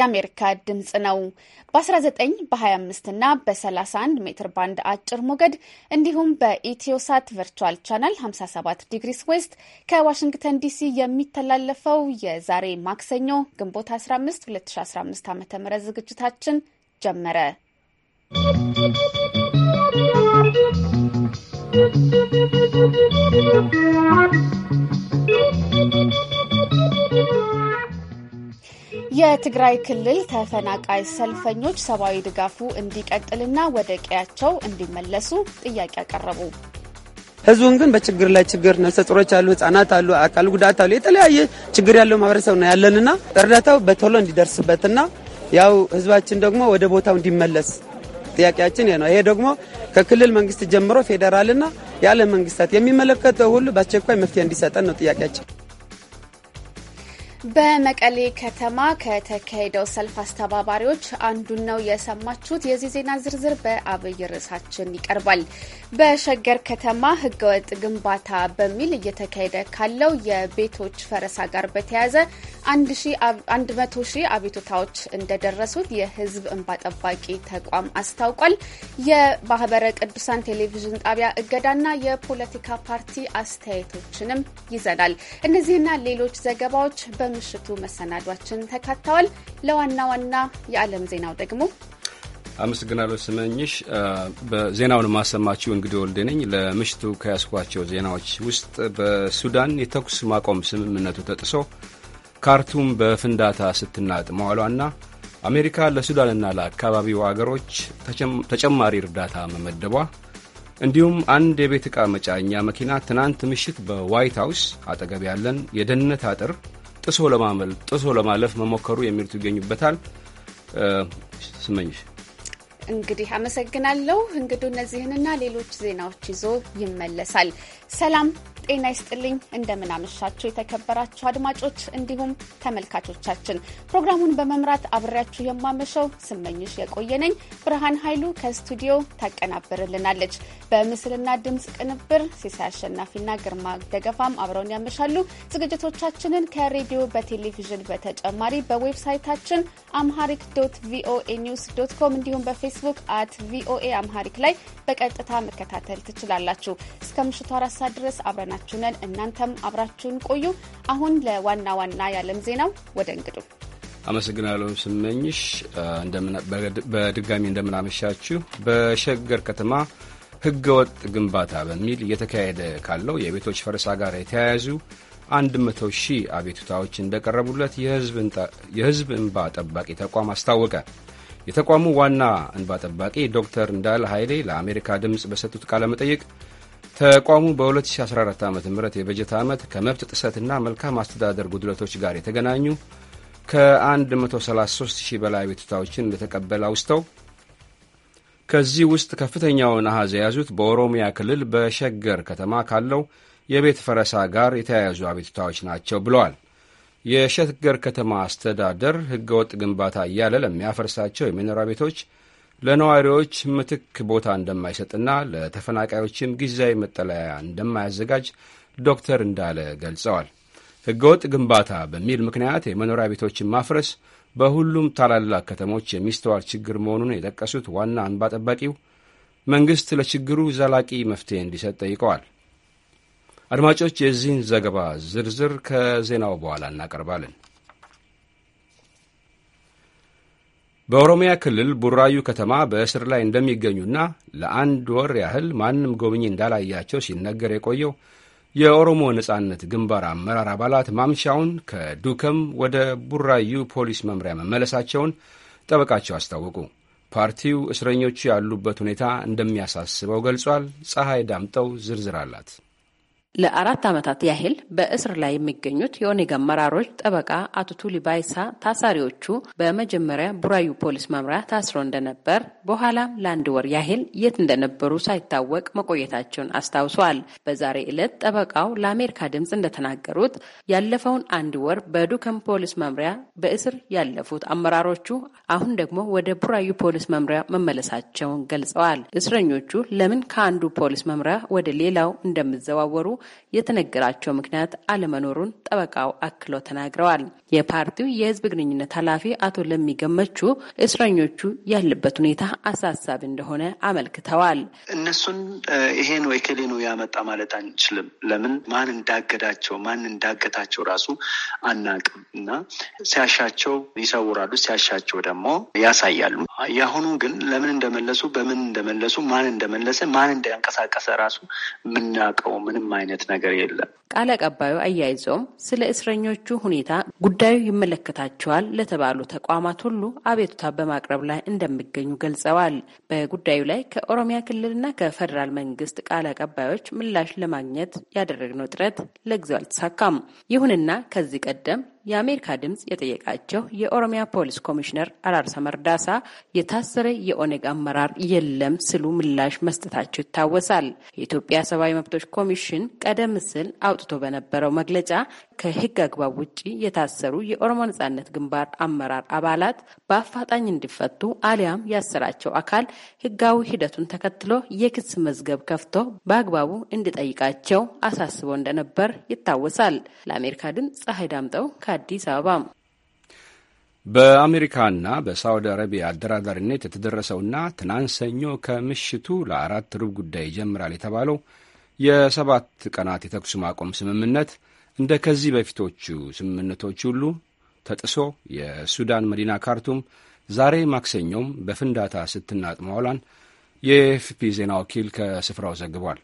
የአሜሪካ ድምፅ ነው። በ19 በ25 እና በ31 ሜትር ባንድ አጭር ሞገድ እንዲሁም በኢትዮሳት ቨርቹዋል ቻናል 57 ዲግሪስ ዌስት ከዋሽንግተን ዲሲ የሚተላለፈው የዛሬ ማክሰኞ ግንቦት 15 2015 ዓ ም ዝግጅታችን ጀመረ። ¶¶ የትግራይ ክልል ተፈናቃይ ሰልፈኞች ሰብአዊ ድጋፉ እንዲቀጥልና ወደ ቀያቸው እንዲመለሱ ጥያቄ አቀረቡ። ህዝቡም ግን በችግር ላይ ችግር ነፍሰ አሉ፣ ህጻናት አሉ፣ አካል ጉዳት አሉ፣ የተለያየ ችግር ያለው ማህበረሰብ ነው ያለንና እርዳታው በቶሎ እንዲደርስበትና ያው ህዝባችን ደግሞ ወደ ቦታው እንዲመለስ ጥያቄያችን ይሄ ነው። ይሄ ደግሞ ከክልል መንግስት ጀምሮ ፌዴራልና የዓለም መንግስታት የሚመለከተው ሁሉ በአስቸኳይ መፍትሄ እንዲሰጠን ነው ጥያቄያችን። በመቀሌ ከተማ ከተካሄደው ሰልፍ አስተባባሪዎች አንዱን ነው የሰማችሁት። የዚህ ዜና ዝርዝር በአብይ ርዕሳችን ይቀርባል። በሸገር ከተማ ህገወጥ ግንባታ በሚል እየተካሄደ ካለው የቤቶች ፈረሳ ጋር በተያያዘ 100 ሺህ አቤቱታዎች እንደደረሱት የህዝብ እንባ ጠባቂ ተቋም አስታውቋል። የማህበረ ቅዱሳን ቴሌቪዥን ጣቢያ እገዳና የፖለቲካ ፓርቲ አስተያየቶችንም ይዘናል። እነዚህና ሌሎች ዘገባዎች በ በምሽቱ መሰናዷችን ተካተዋል። ለዋና ዋና የዓለም ዜናው ደግሞ አመሰግናለሁ ስመኝሽ። በዜናውን ማሰማችው እንግዲህ ወልዴ ነኝ። ለምሽቱ ከያስኳቸው ዜናዎች ውስጥ በሱዳን የተኩስ ማቆም ስምምነቱ ተጥሶ ካርቱም በፍንዳታ ስትናጥ መዋሏና አሜሪካ ለሱዳንና ለአካባቢው አገሮች ተጨማሪ እርዳታ መመደቧ እንዲሁም አንድ የቤት ዕቃ መጫኛ መኪና ትናንት ምሽት በዋይት ሀውስ አጠገብ ያለን የደህንነት አጥር ጥሶ ለማመል ጥሶ ለማለፍ መሞከሩ የሚሉት ይገኙበታል። ስመኝሽ እንግዲህ አመሰግናለሁ። እንግዱ እነዚህንና ሌሎች ዜናዎች ይዞ ይመለሳል። ሰላም ጤና ይስጥልኝ። እንደምናመሻችሁ የተከበራችሁ አድማጮች እንዲሁም ተመልካቾቻችን፣ ፕሮግራሙን በመምራት አብሬያችሁ የማመሸው ስመኝሽ የቆየነኝ ብርሃን ኃይሉ ከስቱዲዮ ታቀናብርልናለች። በምስልና ድምፅ ቅንብር ሲሳይ አሸናፊና ግርማ ደገፋም አብረውን ያመሻሉ። ዝግጅቶቻችንን ከሬዲዮ በቴሌቪዥን በተጨማሪ በዌብሳይታችን አምሃሪክ ዶት ቪኦኤ ኒውስ ዶት ኮም እንዲሁም በፌስቡክ አት ቪኦኤ አምሃሪክ ላይ በቀጥታ መከታተል ትችላላችሁ። እስከ ምሽቱ አራት ሰዓት ድረስ አብረናል ከጎናችሁ ነን። እናንተም አብራችሁን ቆዩ። አሁን ለዋና ዋና የዓለም ዜናው ወደ እንግዱ አመሰግናለሁ ስመኝሽ። በድጋሚ እንደምናመሻችሁ። በሸገር ከተማ ህገ ወጥ ግንባታ በሚል እየተካሄደ ካለው የቤቶች ፈረሳ ጋር የተያያዙ 100 ሺህ አቤቱታዎች እንደቀረቡለት የህዝብ እንባ ጠባቂ ተቋም አስታወቀ። የተቋሙ ዋና እንባ ጠባቂ ዶክተር እንዳለ ኃይሌ ለአሜሪካ ድምፅ በሰጡት ቃለ መጠይቅ ተቋሙ በ2014 ዓ ም የበጀት ዓመት ከመብት ጥሰትና መልካም አስተዳደር ጉድለቶች ጋር የተገናኙ ከ133 ሺህ በላይ አቤቱታዎችን እንደተቀበለ አውስተው ከዚህ ውስጥ ከፍተኛውን አሐዝ የያዙት በኦሮሚያ ክልል በሸገር ከተማ ካለው የቤት ፈረሳ ጋር የተያያዙ አቤቱታዎች ናቸው ብለዋል። የሸገር ከተማ አስተዳደር ሕገወጥ ግንባታ እያለ ለሚያፈርሳቸው የመኖሪያ ቤቶች ለነዋሪዎች ምትክ ቦታ እንደማይሰጥና ለተፈናቃዮችም ጊዜያዊ መጠለያ እንደማያዘጋጅ ዶክተር እንዳለ ገልጸዋል። ሕገወጥ ግንባታ በሚል ምክንያት የመኖሪያ ቤቶችን ማፍረስ በሁሉም ታላላቅ ከተሞች የሚስተዋል ችግር መሆኑን የጠቀሱት ዋና አንባ ጠባቂው መንግሥት ለችግሩ ዘላቂ መፍትሄ እንዲሰጥ ጠይቀዋል። አድማጮች፣ የዚህን ዘገባ ዝርዝር ከዜናው በኋላ እናቀርባለን። በኦሮሚያ ክልል ቡራዩ ከተማ በእስር ላይ እንደሚገኙና ለአንድ ወር ያህል ማንም ጎብኚ እንዳላያቸው ሲነገር የቆየው የኦሮሞ ነጻነት ግንባር አመራር አባላት ማምሻውን ከዱከም ወደ ቡራዩ ፖሊስ መምሪያ መመለሳቸውን ጠበቃቸው አስታወቁ። ፓርቲው እስረኞቹ ያሉበት ሁኔታ እንደሚያሳስበው ገልጿል። ፀሐይ ዳምጠው ዝርዝር አላት። ለአራት ዓመታት ያህል በእስር ላይ የሚገኙት የኦኔጋ አመራሮች ጠበቃ አቶ ቱሊ ባይሳ ታሳሪዎቹ በመጀመሪያ ቡራዩ ፖሊስ መምሪያ ታስረው እንደነበር በኋላም ለአንድ ወር ያህል የት እንደነበሩ ሳይታወቅ መቆየታቸውን አስታውሰዋል። በዛሬ ዕለት ጠበቃው ለአሜሪካ ድምፅ እንደተናገሩት ያለፈውን አንድ ወር በዱከም ፖሊስ መምሪያ በእስር ያለፉት አመራሮቹ አሁን ደግሞ ወደ ቡራዩ ፖሊስ መምሪያ መመለሳቸውን ገልጸዋል። እስረኞቹ ለምን ከአንዱ ፖሊስ መምሪያ ወደ ሌላው እንደሚዘዋወሩ የተነገራቸው ምክንያት አለመኖሩን ጠበቃው አክሎ ተናግረዋል። የፓርቲው የህዝብ ግንኙነት ኃላፊ አቶ ለሚገመቹ እስረኞቹ ያለበት ሁኔታ አሳሳቢ እንደሆነ አመልክተዋል። እነሱን ይሄን ወይ ከሌ ነው ያመጣ ማለት አንችልም። ለምን ማን እንዳገዳቸው ማን እንዳገታቸው ራሱ አናቅም እና ሲያሻቸው ይሰውራሉ፣ ሲያሻቸው ደግሞ ያሳያሉ። የአሁኑ ግን ለምን እንደመለሱ በምን እንደመለሱ ማን እንደመለሰ ማን እንዳንቀሳቀሰ ራሱ የምናውቀው ምንም አይነት ነገር የለም። ቃል አቀባዩ አያይዘውም ስለ እስረኞቹ ሁኔታ ጉዳዩ ይመለከታቸዋል ለተባሉ ተቋማት ሁሉ አቤቱታ በማቅረብ ላይ እንደሚገኙ ገልጸዋል። በጉዳዩ ላይ ከኦሮሚያ ክልልና ከፌዴራል መንግስት ቃል አቀባዮች ምላሽ ለማግኘት ያደረግነው ጥረት ለጊዜው አልተሳካም። ይሁንና ከዚህ ቀደም የአሜሪካ ድምፅ የጠየቃቸው የኦሮሚያ ፖሊስ ኮሚሽነር አራርሳ መርዳሳ የታሰረ የኦነግ አመራር የለም ስሉ ምላሽ መስጠታቸው ይታወሳል። የኢትዮጵያ ሰብአዊ መብቶች ኮሚሽን ቀደም ሲል አውጥቶ በነበረው መግለጫ ከሕግ አግባብ ውጭ የታሰሩ የኦሮሞ ነጻነት ግንባር አመራር አባላት በአፋጣኝ እንዲፈቱ አሊያም ያሰራቸው አካል ሕጋዊ ሂደቱን ተከትሎ የክስ መዝገብ ከፍቶ በአግባቡ እንዲጠይቃቸው አሳስቦ እንደነበር ይታወሳል። ለአሜሪካ ድምፅ ፀሐይ ዳምጠው ከአዲስ አበባ በአሜሪካና በሳውዲ አረቢያ አደራዳሪነት የተደረሰውና ትናንት ሰኞ ከምሽቱ ለአራት ሩብ ጉዳይ ይጀምራል የተባለው የሰባት ቀናት የተኩስ ማቆም ስምምነት እንደ ከዚህ በፊቶቹ ስምምነቶች ሁሉ ተጥሶ የሱዳን መዲና ካርቱም ዛሬ ማክሰኞም በፍንዳታ ስትናጥ መዋሏን የኤፍፒ ዜና ወኪል ከስፍራው ዘግቧል።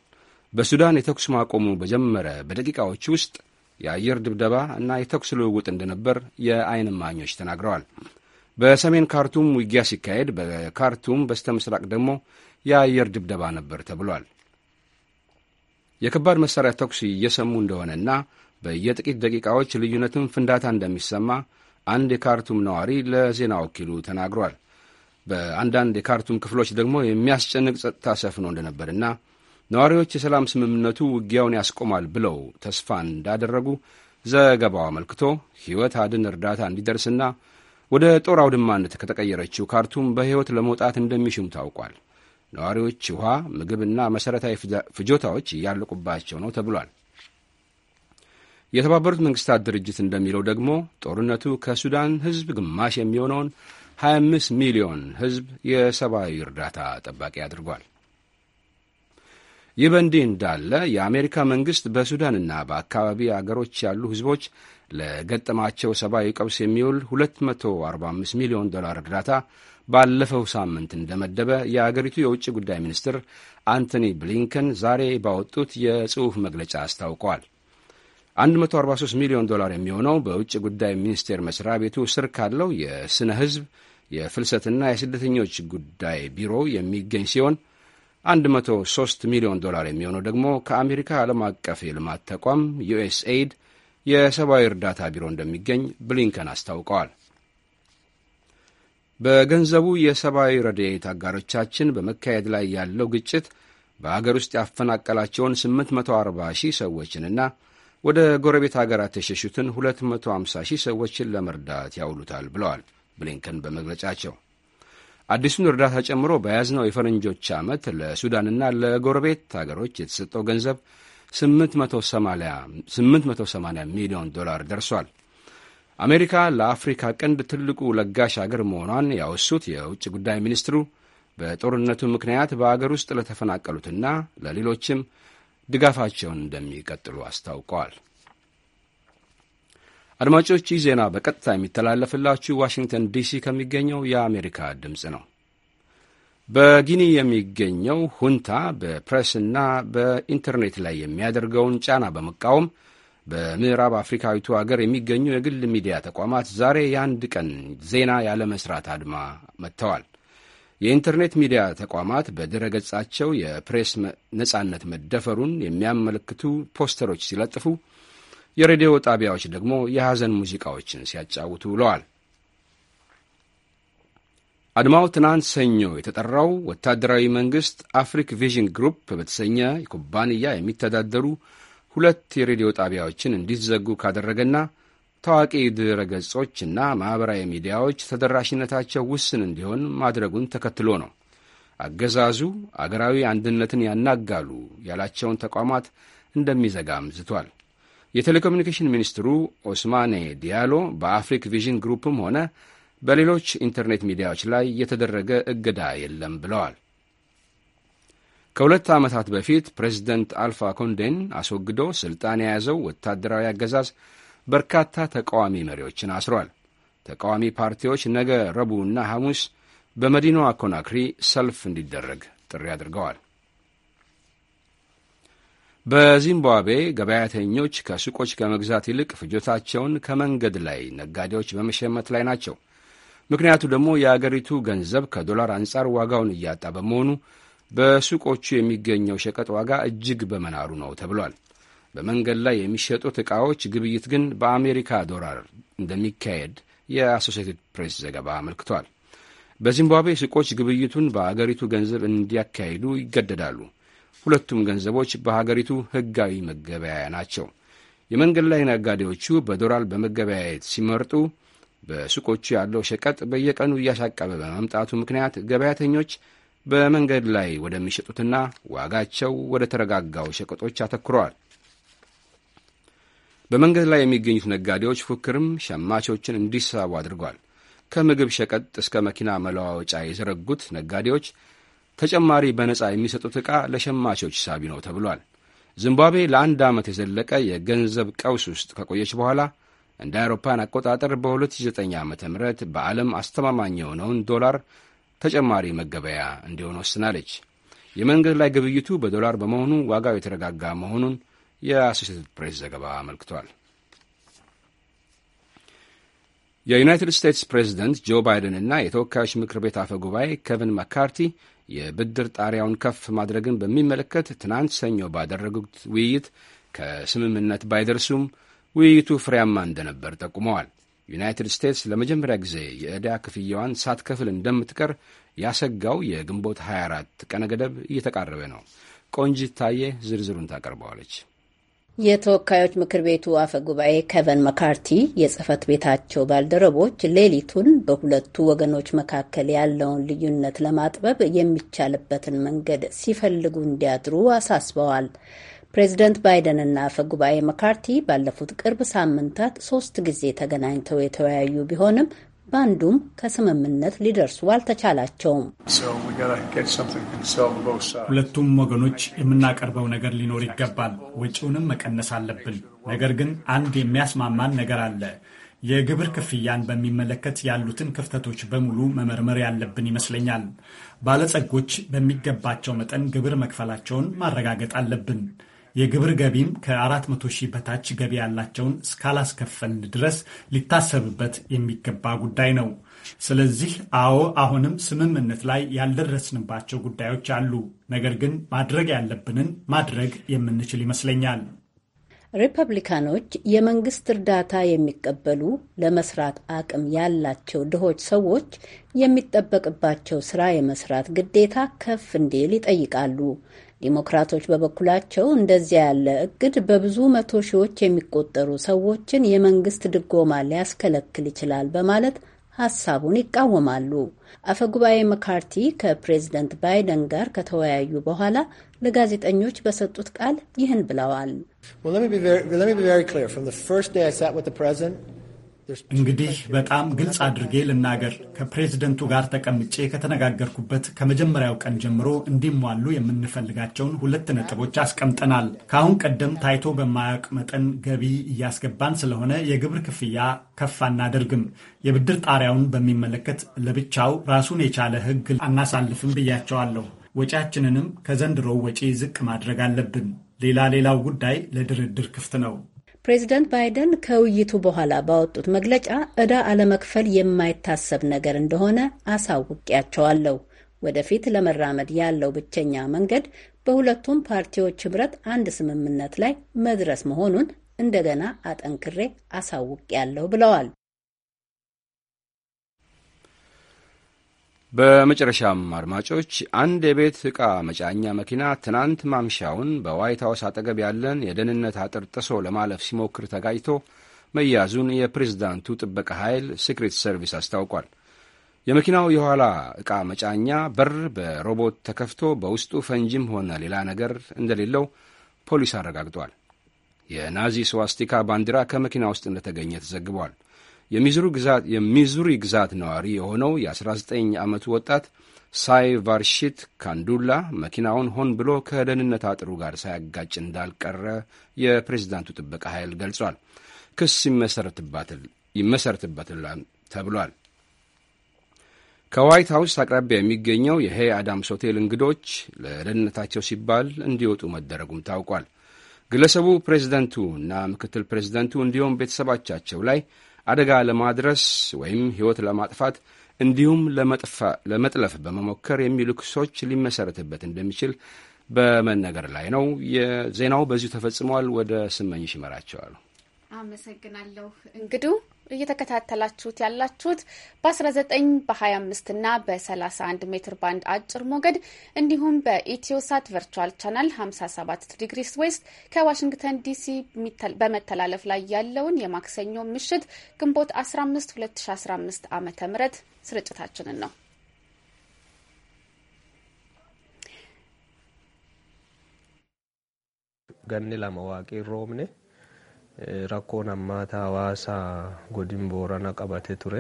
በሱዳን የተኩስ ማቆሙ በጀመረ በደቂቃዎች ውስጥ የአየር ድብደባ እና የተኩስ ልውውጥ እንደነበር የአይን እማኞች ተናግረዋል። በሰሜን ካርቱም ውጊያ ሲካሄድ፣ በካርቱም በስተ ምስራቅ ደግሞ የአየር ድብደባ ነበር ተብሏል። የከባድ መሣሪያ ተኩስ እየሰሙ እንደሆነና በየጥቂት ደቂቃዎች ልዩነትም ፍንዳታ እንደሚሰማ አንድ የካርቱም ነዋሪ ለዜና ወኪሉ ተናግሯል። በአንዳንድ የካርቱም ክፍሎች ደግሞ የሚያስጨንቅ ጸጥታ ሰፍኖ እንደነበርና ነዋሪዎች የሰላም ስምምነቱ ውጊያውን ያስቆማል ብለው ተስፋ እንዳደረጉ ዘገባው አመልክቶ ሕይወት አድን እርዳታ እንዲደርስና ወደ ጦር አውድማነት ከተቀየረችው ካርቱም በሕይወት ለመውጣት እንደሚሽሙ ታውቋል። ነዋሪዎች ውሃ፣ ምግብና መሠረታዊ ፍጆታዎች እያለቁባቸው ነው ተብሏል። የተባበሩት መንግስታት ድርጅት እንደሚለው ደግሞ ጦርነቱ ከሱዳን ሕዝብ ግማሽ የሚሆነውን 25 ሚሊዮን ሕዝብ የሰብአዊ እርዳታ ጠባቂ አድርጓል። ይህ በእንዲህ እንዳለ የአሜሪካ መንግሥት በሱዳንና በአካባቢ አገሮች ያሉ ሕዝቦች ለገጠማቸው ሰብአዊ ቀውስ የሚውል 245 ሚሊዮን ዶላር እርዳታ ባለፈው ሳምንት እንደመደበ የአገሪቱ የውጭ ጉዳይ ሚኒስትር አንቶኒ ብሊንከን ዛሬ ባወጡት የጽሑፍ መግለጫ አስታውቀዋል። 143 ሚሊዮን ዶላር የሚሆነው በውጭ ጉዳይ ሚኒስቴር መስሪያ ቤቱ ስር ካለው የስነ ሕዝብ የፍልሰትና የስደተኞች ጉዳይ ቢሮ የሚገኝ ሲሆን 103 ሚሊዮን ዶላር የሚሆነው ደግሞ ከአሜሪካ ዓለም አቀፍ የልማት ተቋም ዩኤስኤይድ የሰብአዊ እርዳታ ቢሮ እንደሚገኝ ብሊንከን አስታውቀዋል። በገንዘቡ የሰብአዊ ረድኤት አጋሮቻችን በመካሄድ ላይ ያለው ግጭት በአገር ውስጥ ያፈናቀላቸውን 840 ሺህ ሰዎችንና ወደ ጎረቤት አገራት የሸሹትን 250 ሺህ ሰዎችን ለመርዳት ያውሉታል ብለዋል ብሊንከን በመግለጫቸው አዲሱን እርዳታ ጨምሮ በያዝነው የፈረንጆች ዓመት ለሱዳንና ለጎረቤት አገሮች የተሰጠው ገንዘብ 880 ሚሊዮን ዶላር ደርሷል። አሜሪካ ለአፍሪካ ቀንድ ትልቁ ለጋሽ አገር መሆኗን ያወሱት የውጭ ጉዳይ ሚኒስትሩ በጦርነቱ ምክንያት በአገር ውስጥ ለተፈናቀሉትና ለሌሎችም ድጋፋቸውን እንደሚቀጥሉ አስታውቀዋል። አድማጮች ይህ ዜና በቀጥታ የሚተላለፍላችሁ ዋሽንግተን ዲሲ ከሚገኘው የአሜሪካ ድምፅ ነው። በጊኒ የሚገኘው ሁንታ በፕሬስና በኢንተርኔት ላይ የሚያደርገውን ጫና በመቃወም በምዕራብ አፍሪካዊቱ አገር የሚገኙ የግል ሚዲያ ተቋማት ዛሬ የአንድ ቀን ዜና ያለመስራት አድማ መጥተዋል። የኢንተርኔት ሚዲያ ተቋማት በድረ ገጻቸው የፕሬስ ነጻነት መደፈሩን የሚያመለክቱ ፖስተሮች ሲለጥፉ የሬዲዮ ጣቢያዎች ደግሞ የሐዘን ሙዚቃዎችን ሲያጫውቱ ብለዋል። አድማው ትናንት ሰኞ የተጠራው ወታደራዊ መንግሥት አፍሪክ ቪዥን ግሩፕ በተሰኘ ኩባንያ የሚተዳደሩ ሁለት የሬዲዮ ጣቢያዎችን እንዲዘጉ ካደረገና ታዋቂ ድረ ገጾች እና ማኅበራዊ ሚዲያዎች ተደራሽነታቸው ውስን እንዲሆን ማድረጉን ተከትሎ ነው። አገዛዙ አገራዊ አንድነትን ያናጋሉ ያላቸውን ተቋማት እንደሚዘጋ አምዝቷል። የቴሌኮሚኒኬሽን ሚኒስትሩ ኦስማኔ ዲያሎ በአፍሪክ ቪዥን ግሩፕም ሆነ በሌሎች ኢንተርኔት ሚዲያዎች ላይ የተደረገ እገዳ የለም ብለዋል። ከሁለት ዓመታት በፊት ፕሬዚደንት አልፋ ኮንዴን አስወግዶ ሥልጣን የያዘው ወታደራዊ አገዛዝ በርካታ ተቃዋሚ መሪዎችን አስሯል። ተቃዋሚ ፓርቲዎች ነገ ረቡዕና ሐሙስ በመዲናዋ ኮናክሪ ሰልፍ እንዲደረግ ጥሪ አድርገዋል። በዚምባብዌ ገበያተኞች ከሱቆች ከመግዛት ይልቅ ፍጆታቸውን ከመንገድ ላይ ነጋዴዎች በመሸመት ላይ ናቸው። ምክንያቱ ደግሞ የአገሪቱ ገንዘብ ከዶላር አንጻር ዋጋውን እያጣ በመሆኑ በሱቆቹ የሚገኘው ሸቀጥ ዋጋ እጅግ በመናሩ ነው ተብሏል። በመንገድ ላይ የሚሸጡት ዕቃዎች ግብይት ግን በአሜሪካ ዶላር እንደሚካሄድ የአሶሴትድ ፕሬስ ዘገባ አመልክቷል። በዚምባብዌ ሱቆች ግብይቱን በአገሪቱ ገንዘብ እንዲያካሂዱ ይገደዳሉ። ሁለቱም ገንዘቦች በሀገሪቱ ሕጋዊ መገበያያ ናቸው። የመንገድ ላይ ነጋዴዎቹ በዶላር በመገበያየት ሲመርጡ በሱቆቹ ያለው ሸቀጥ በየቀኑ እያሻቀበ በመምጣቱ ምክንያት ገበያተኞች በመንገድ ላይ ወደሚሸጡትና ዋጋቸው ወደ ተረጋጋው ሸቀጦች አተኩረዋል። በመንገድ ላይ የሚገኙት ነጋዴዎች ፉክርም ሸማቾችን እንዲሳቡ አድርጓል። ከምግብ ሸቀጥ እስከ መኪና መለዋወጫ የዘረጉት ነጋዴዎች ተጨማሪ በነጻ የሚሰጡት ዕቃ ለሸማቾች ሳቢ ነው ተብሏል። ዚምባብዌ ለአንድ ዓመት የዘለቀ የገንዘብ ቀውስ ውስጥ ከቆየች በኋላ እንደ አውሮፓን አቆጣጠር በ2009 ዓ ም በዓለም አስተማማኝ የሆነውን ዶላር ተጨማሪ መገበያ እንዲሆን ወስናለች። የመንገድ ላይ ግብይቱ በዶላር በመሆኑ ዋጋው የተረጋጋ መሆኑን የአሶሴትድ ፕሬስ ዘገባ አመልክቷል። የዩናይትድ ስቴትስ ፕሬዚደንት ጆ ባይደንና እና የተወካዮች ምክር ቤት አፈ ጉባኤ ኬቪን መካርቲ የብድር ጣሪያውን ከፍ ማድረግን በሚመለከት ትናንት ሰኞ ባደረጉት ውይይት ከስምምነት ባይደርሱም ውይይቱ ፍሬያማ እንደነበር ጠቁመዋል። ዩናይትድ ስቴትስ ለመጀመሪያ ጊዜ የዕዳ ክፍያዋን ሳትከፍል እንደምትቀር ያሰጋው የግንቦት 24 ቀነ ገደብ እየተቃረበ ነው። ቆንጂት ታዬ ዝርዝሩን ታቀርበዋለች። የተወካዮች ምክር ቤቱ አፈ ጉባኤ ኬቨን መካርቲ የጽህፈት ቤታቸው ባልደረቦች ሌሊቱን በሁለቱ ወገኖች መካከል ያለውን ልዩነት ለማጥበብ የሚቻልበትን መንገድ ሲፈልጉ እንዲያድሩ አሳስበዋል። ፕሬዚደንት ባይደን እና አፈ ጉባኤ መካርቲ ባለፉት ቅርብ ሳምንታት ሶስት ጊዜ ተገናኝተው የተወያዩ ቢሆንም በአንዱም ከስምምነት ሊደርሱ አልተቻላቸውም። ሁለቱም ወገኖች የምናቀርበው ነገር ሊኖር ይገባል። ወጪውንም መቀነስ አለብን። ነገር ግን አንድ የሚያስማማን ነገር አለ። የግብር ክፍያን በሚመለከት ያሉትን ክፍተቶች በሙሉ መመርመር ያለብን ይመስለኛል። ባለጸጎች በሚገባቸው መጠን ግብር መክፈላቸውን ማረጋገጥ አለብን። የግብር ገቢም ከ400 ሺህ በታች ገቢ ያላቸውን እስካላስከፈልን ድረስ ሊታሰብበት የሚገባ ጉዳይ ነው። ስለዚህ አዎ፣ አሁንም ስምምነት ላይ ያልደረስንባቸው ጉዳዮች አሉ። ነገር ግን ማድረግ ያለብንን ማድረግ የምንችል ይመስለኛል። ሪፐብሊካኖች የመንግስት እርዳታ የሚቀበሉ ለመስራት አቅም ያላቸው ድሆች ሰዎች የሚጠበቅባቸው ስራ የመስራት ግዴታ ከፍ እንዲል ይጠይቃሉ። ዲሞክራቶች በበኩላቸው እንደዚያ ያለ እቅድ በብዙ መቶ ሺዎች የሚቆጠሩ ሰዎችን የመንግስት ድጎማ ሊያስከለክል ይችላል በማለት ሀሳቡን ይቃወማሉ። አፈጉባኤ መካርቲ ከፕሬዝደንት ባይደን ጋር ከተወያዩ በኋላ ለጋዜጠኞች በሰጡት ቃል ይህን ብለዋል። እንግዲህ በጣም ግልጽ አድርጌ ልናገር፣ ከፕሬዝደንቱ ጋር ተቀምጬ ከተነጋገርኩበት ከመጀመሪያው ቀን ጀምሮ እንዲሟሉ የምንፈልጋቸውን ሁለት ነጥቦች አስቀምጠናል። ከአሁን ቀደም ታይቶ በማያውቅ መጠን ገቢ እያስገባን ስለሆነ የግብር ክፍያ ከፍ አናደርግም። የብድር ጣሪያውን በሚመለከት ለብቻው ራሱን የቻለ ሕግ አናሳልፍም ብያቸዋለሁ። ወጪያችንንም ከዘንድሮው ወጪ ዝቅ ማድረግ አለብን። ሌላ ሌላው ጉዳይ ለድርድር ክፍት ነው። ፕሬዚደንት ባይደን ከውይይቱ በኋላ ባወጡት መግለጫ ዕዳ አለመክፈል የማይታሰብ ነገር እንደሆነ አሳውቂያቸዋለሁ። ወደፊት ለመራመድ ያለው ብቸኛ መንገድ በሁለቱም ፓርቲዎች ህብረት አንድ ስምምነት ላይ መድረስ መሆኑን እንደገና አጠንክሬ ያለሁ ብለዋል። በመጨረሻም አድማጮች አንድ የቤት ዕቃ መጫኛ መኪና ትናንት ማምሻውን በዋይት ሀውስ አጠገብ ያለን የደህንነት አጥር ጥሶ ለማለፍ ሲሞክር ተጋጭቶ መያዙን የፕሬዝዳንቱ ጥበቃ ኃይል ሴክሬት ሰርቪስ አስታውቋል። የመኪናው የኋላ ዕቃ መጫኛ በር በሮቦት ተከፍቶ በውስጡ ፈንጂም ሆነ ሌላ ነገር እንደሌለው ፖሊስ አረጋግጧል። የናዚ ስዋስቲካ ባንዲራ ከመኪና ውስጥ እንደተገኘ ተዘግቧል። የሚዙሪ ግዛት ነዋሪ የሆነው የ19 ዓመቱ ወጣት ሳይ ቫርሺት ካንዱላ መኪናውን ሆን ብሎ ከደህንነት አጥሩ ጋር ሳያጋጭ እንዳልቀረ የፕሬዝዳንቱ ጥበቃ ኃይል ገልጿል። ክስ ይመሰረትበታል ተብሏል። ከዋይት ሀውስ አቅራቢያ የሚገኘው የሄይ አዳምስ ሆቴል እንግዶች ለደህንነታቸው ሲባል እንዲወጡ መደረጉም ታውቋል። ግለሰቡ ፕሬዚደንቱ እና ምክትል ፕሬዝደንቱ እንዲሁም ቤተሰባቻቸው ላይ አደጋ ለማድረስ ወይም ሕይወት ለማጥፋት እንዲሁም ለመጥለፍ በመሞከር የሚሉ ክሶች ሊመሰረትበት እንደሚችል በመነገር ላይ ነው። የዜናው በዚሁ ተፈጽሟል። ወደ ስመኝሽ ይመራቸዋል። አመሰግናለሁ እንግዱ እየተከታተላችሁት ያላችሁት በ19 በ25 እና በ31 ሜትር ባንድ አጭር ሞገድ እንዲሁም በኢትዮሳት ቨርቹዋል ቻናል 57 ዲግሪስ ዌስት ከዋሽንግተን ዲሲ በመተላለፍ ላይ ያለውን የማክሰኞ ምሽት ግንቦት 15 2015 ዓ ም ስርጭታችንን ነው። ገኒ ለመዋቂ ሮምኔ ራኮን አማታ ሐዋሳ ጎዲን ቦረና ቀባቴ ቱሬ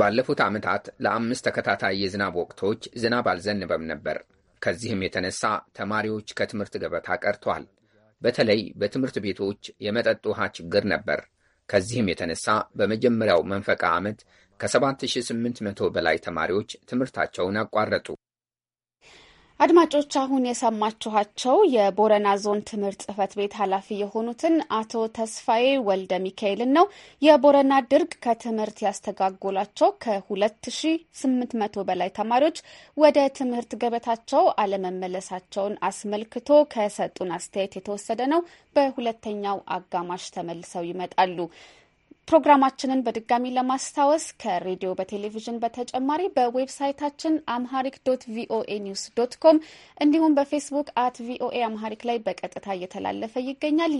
ባለፉት ዓመታት ለአምስት ተከታታይ የዝናብ ወቅቶች ዝናብ አልዘንበም ነበር። ከዚህም የተነሳ ተማሪዎች ከትምህርት ገበታ ቀርተዋል። በተለይ በትምህርት ቤቶች የመጠጥ ውሃ ችግር ነበር። ከዚህም የተነሳ በመጀመሪያው መንፈቃ ዓመት ከ7800 በላይ ተማሪዎች ትምህርታቸውን አቋረጡ። አድማጮች አሁን የሰማችኋቸው የቦረና ዞን ትምህርት ጽህፈት ቤት ኃላፊ የሆኑትን አቶ ተስፋዬ ወልደ ሚካኤልን ነው። የቦረና ድርቅ ከትምህርት ያስተጋጎላቸው ከ2800 በላይ ተማሪዎች ወደ ትምህርት ገበታቸው አለመመለሳቸውን አስመልክቶ ከሰጡን አስተያየት የተወሰደ ነው። በሁለተኛው አጋማሽ ተመልሰው ይመጣሉ። ፕሮግራማችንን በድጋሚ ለማስታወስ ከሬዲዮ በቴሌቪዥን በተጨማሪ በዌብሳይታችን አምሃሪክ ዶት ቪኦኤ ኒውስ ዶት ኮም እንዲሁም በፌስቡክ አት ቪኦኤ አምሃሪክ ላይ በቀጥታ እየተላለፈ ይገኛል።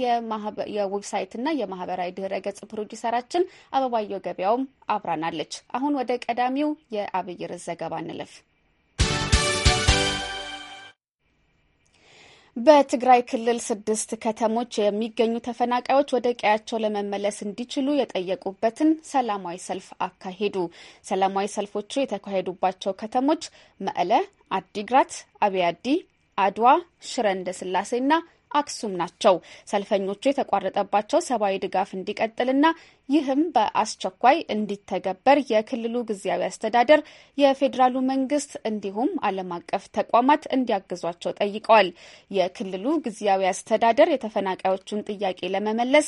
የዌብሳይትና የማህበራዊ ድህረ ገጽ ፕሮዲሰራችን አበባየው ገበያውም አብራናለች። አሁን ወደ ቀዳሚው የአብይር ዘገባ እንለፍ። በትግራይ ክልል ስድስት ከተሞች የሚገኙ ተፈናቃዮች ወደ ቀያቸው ለመመለስ እንዲችሉ የጠየቁበትን ሰላማዊ ሰልፍ አካሄዱ። ሰላማዊ ሰልፎቹ የተካሄዱባቸው ከተሞች መቀለ፣ አዲግራት፣ አብያዲ፣ አድዋ፣ ሽረ እንደስላሴና አክሱም ናቸው። ሰልፈኞቹ የተቋረጠባቸው ሰብአዊ ድጋፍ እንዲቀጥልና ይህም በአስቸኳይ እንዲተገበር የክልሉ ጊዜያዊ አስተዳደር፣ የፌዴራሉ መንግስት እንዲሁም ዓለም አቀፍ ተቋማት እንዲያግዟቸው ጠይቀዋል። የክልሉ ጊዜያዊ አስተዳደር የተፈናቃዮቹን ጥያቄ ለመመለስ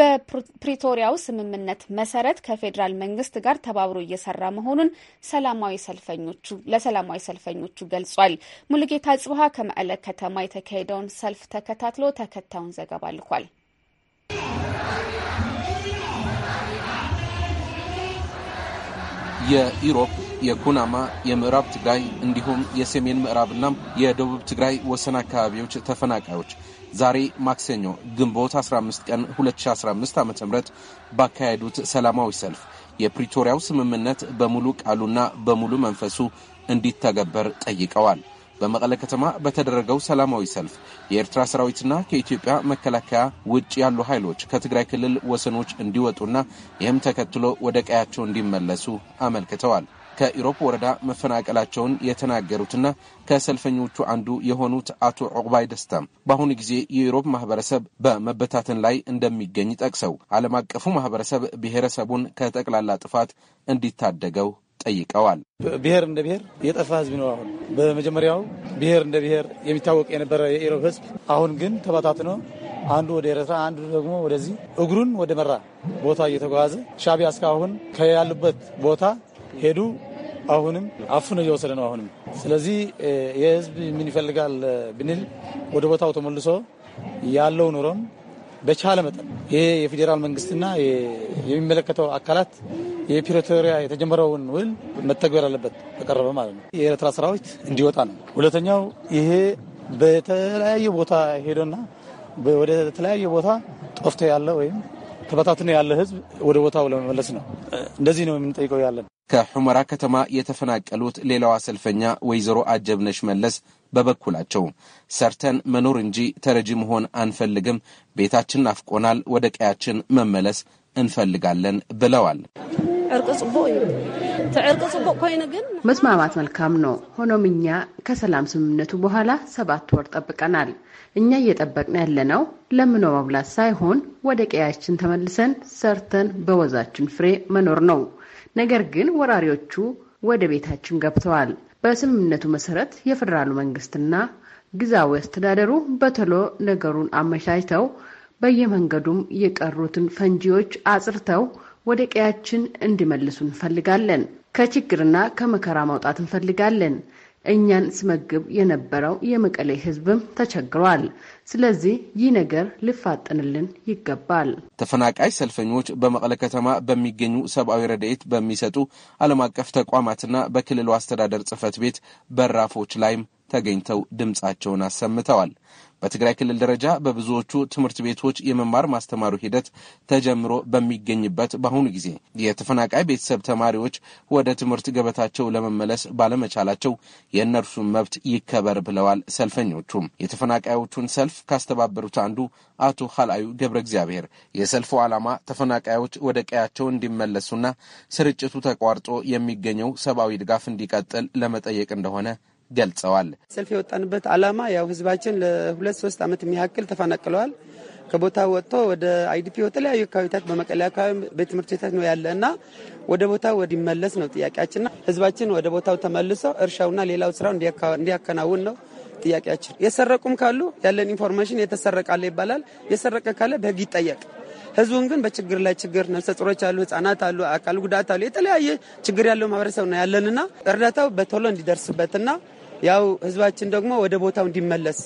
በፕሪቶሪያው ስምምነት መሰረት ከፌዴራል መንግስት ጋር ተባብሮ እየሰራ መሆኑን ሰላማዊ ሰልፈኞቹ ለሰላማዊ ሰልፈኞቹ ገልጿል። ሙልጌታ ጽብሃ ከመቀለ ከተማ የተካሄደውን ሰልፍ ተከታትሎ ተከታዩን ዘገባ ልኳል። የኢሮብ የኩናማ የምዕራብ ትግራይ እንዲሁም የሰሜን ምዕራብና የደቡብ ትግራይ ወሰን አካባቢዎች ተፈናቃዮች ዛሬ ማክሰኞ ግንቦት 15 ቀን 2015 ዓ ም ባካሄዱት ሰላማዊ ሰልፍ የፕሪቶሪያው ስምምነት በሙሉ ቃሉና በሙሉ መንፈሱ እንዲተገበር ጠይቀዋል። በመቀለ ከተማ በተደረገው ሰላማዊ ሰልፍ የኤርትራ ሰራዊትና ከኢትዮጵያ መከላከያ ውጭ ያሉ ኃይሎች ከትግራይ ክልል ወሰኖች እንዲወጡና ይህም ተከትሎ ወደ ቀያቸው እንዲመለሱ አመልክተዋል። ከኢሮፕ ወረዳ መፈናቀላቸውን የተናገሩትና ከሰልፈኞቹ አንዱ የሆኑት አቶ ዑቅባይ ደስታም በአሁኑ ጊዜ የኢሮፕ ማህበረሰብ በመበታተን ላይ እንደሚገኝ ጠቅሰው ዓለም አቀፉ ማህበረሰብ ብሔረሰቡን ከጠቅላላ ጥፋት እንዲታደገው ጠይቀዋል። ብሔር እንደ ብሔር የጠፋ ህዝብ ነው። አሁን በመጀመሪያው ብሔር እንደ ብሔር የሚታወቅ የነበረ የኢሮብ ህዝብ አሁን ግን ተበታትኖ አንዱ ወደ ኤርትራ አንዱ ደግሞ ወደዚህ እግሩን ወደ መራ ቦታ እየተጓዘ ሻቢያ እስካሁን ከያሉበት ቦታ ሄዱ። አሁንም አፍኖ እየወሰደ ነው። አሁንም ስለዚህ የህዝብ ምን ይፈልጋል ብንል ወደ ቦታው ተመልሶ ያለው ኑሮም በቻለ መጠን ይሄ የፌዴራል መንግስትና የሚመለከተው አካላት የፕሪቶሪያ የተጀመረውን ውል መተግበር አለበት በቀረበ ማለት ነው። የኤርትራ ሰራዊት እንዲወጣ ነው። ሁለተኛው ይሄ በተለያየ ቦታ ሄዶና ወደ ተለያየ ቦታ ጠፍቶ ያለ ወይም ተበታትኖ ያለ ህዝብ ወደ ቦታው ለመመለስ ነው። እንደዚህ ነው የምንጠይቀው ያለን ከሑመራ ከተማ የተፈናቀሉት ሌላዋ ሰልፈኛ ወይዘሮ አጀብነሽ መለስ በበኩላቸው ሰርተን መኖር እንጂ ተረጂ መሆን አንፈልግም፣ ቤታችን ናፍቆናል፣ ወደ ቀያችን መመለስ እንፈልጋለን ብለዋል። መስማማት መልካም ነው። ሆኖም እኛ ከሰላም ስምምነቱ በኋላ ሰባት ወር ጠብቀናል። እኛ እየጠበቅን ያለነው ለምኖ መብላት ሳይሆን ወደ ቀያችን ተመልሰን ሰርተን በወዛችን ፍሬ መኖር ነው። ነገር ግን ወራሪዎቹ ወደ ቤታችን ገብተዋል። በስምምነቱ መሰረት የፌዴራሉ መንግስትና ግዛዊ አስተዳደሩ በቶሎ ነገሩን አመቻችተው በየመንገዱም የቀሩትን ፈንጂዎች አጽርተው ወደ ቀያችን እንዲመልሱ እንፈልጋለን። ከችግርና ከመከራ ማውጣት እንፈልጋለን። እኛን ስመግብ የነበረው የመቀሌ ህዝብም ተቸግሯል። ስለዚህ ይህ ነገር ሊፋጠንልን ይገባል። ተፈናቃይ ሰልፈኞች በመቀለ ከተማ በሚገኙ ሰብአዊ ረድኤት በሚሰጡ ዓለም አቀፍ ተቋማትና በክልሉ አስተዳደር ጽህፈት ቤት በራፎች ላይም ተገኝተው ድምፃቸውን አሰምተዋል። በትግራይ ክልል ደረጃ በብዙዎቹ ትምህርት ቤቶች የመማር ማስተማሩ ሂደት ተጀምሮ በሚገኝበት በአሁኑ ጊዜ የተፈናቃይ ቤተሰብ ተማሪዎች ወደ ትምህርት ገበታቸው ለመመለስ ባለመቻላቸው የእነርሱን መብት ይከበር ብለዋል ሰልፈኞቹም። የተፈናቃዮቹን ሰልፍ ካስተባበሩት አንዱ አቶ ሀላዩ ገብረ እግዚአብሔር የሰልፉ ዓላማ ተፈናቃዮች ወደ ቀያቸው እንዲመለሱና ስርጭቱ ተቋርጦ የሚገኘው ሰብአዊ ድጋፍ እንዲቀጥል ለመጠየቅ እንደሆነ ገልጸዋል። ሰልፍ የወጣንበት ዓላማ ያው ህዝባችን ለሁለት ሶስት ዓመት የሚያክል ተፈናቅለዋል። ከቦታ ወጥቶ ወደ አይዲፒ የተለያዩ አካባቢታት በመቀሌ አካባቢ በትምህርት ቤታት ነው ያለ እና ወደ ቦታው ወዲመለስ ነው ጥያቄያችንና ህዝባችን ወደ ቦታው ተመልሶ እርሻውና ሌላው ስራው እንዲያከናውን ነው ጥያቄያችን። የሰረቁም ካሉ ያለን ኢንፎርሜሽን የተሰረቃለ ይባላል። የሰረቀ ካለ በህግ ይጠየቅ። ህዝቡን ግን በችግር ላይ ችግር ነፍሰ ጡሮች አሉ፣ ህጻናት አሉ፣ አካል ጉዳት አሉ፣ የተለያየ ችግር ያለው ማህበረሰብ ነው ያለንና እርዳታው በቶሎ እንዲደርስበትና ያው ህዝባችን ደግሞ ወደ ቦታው እንዲመለስ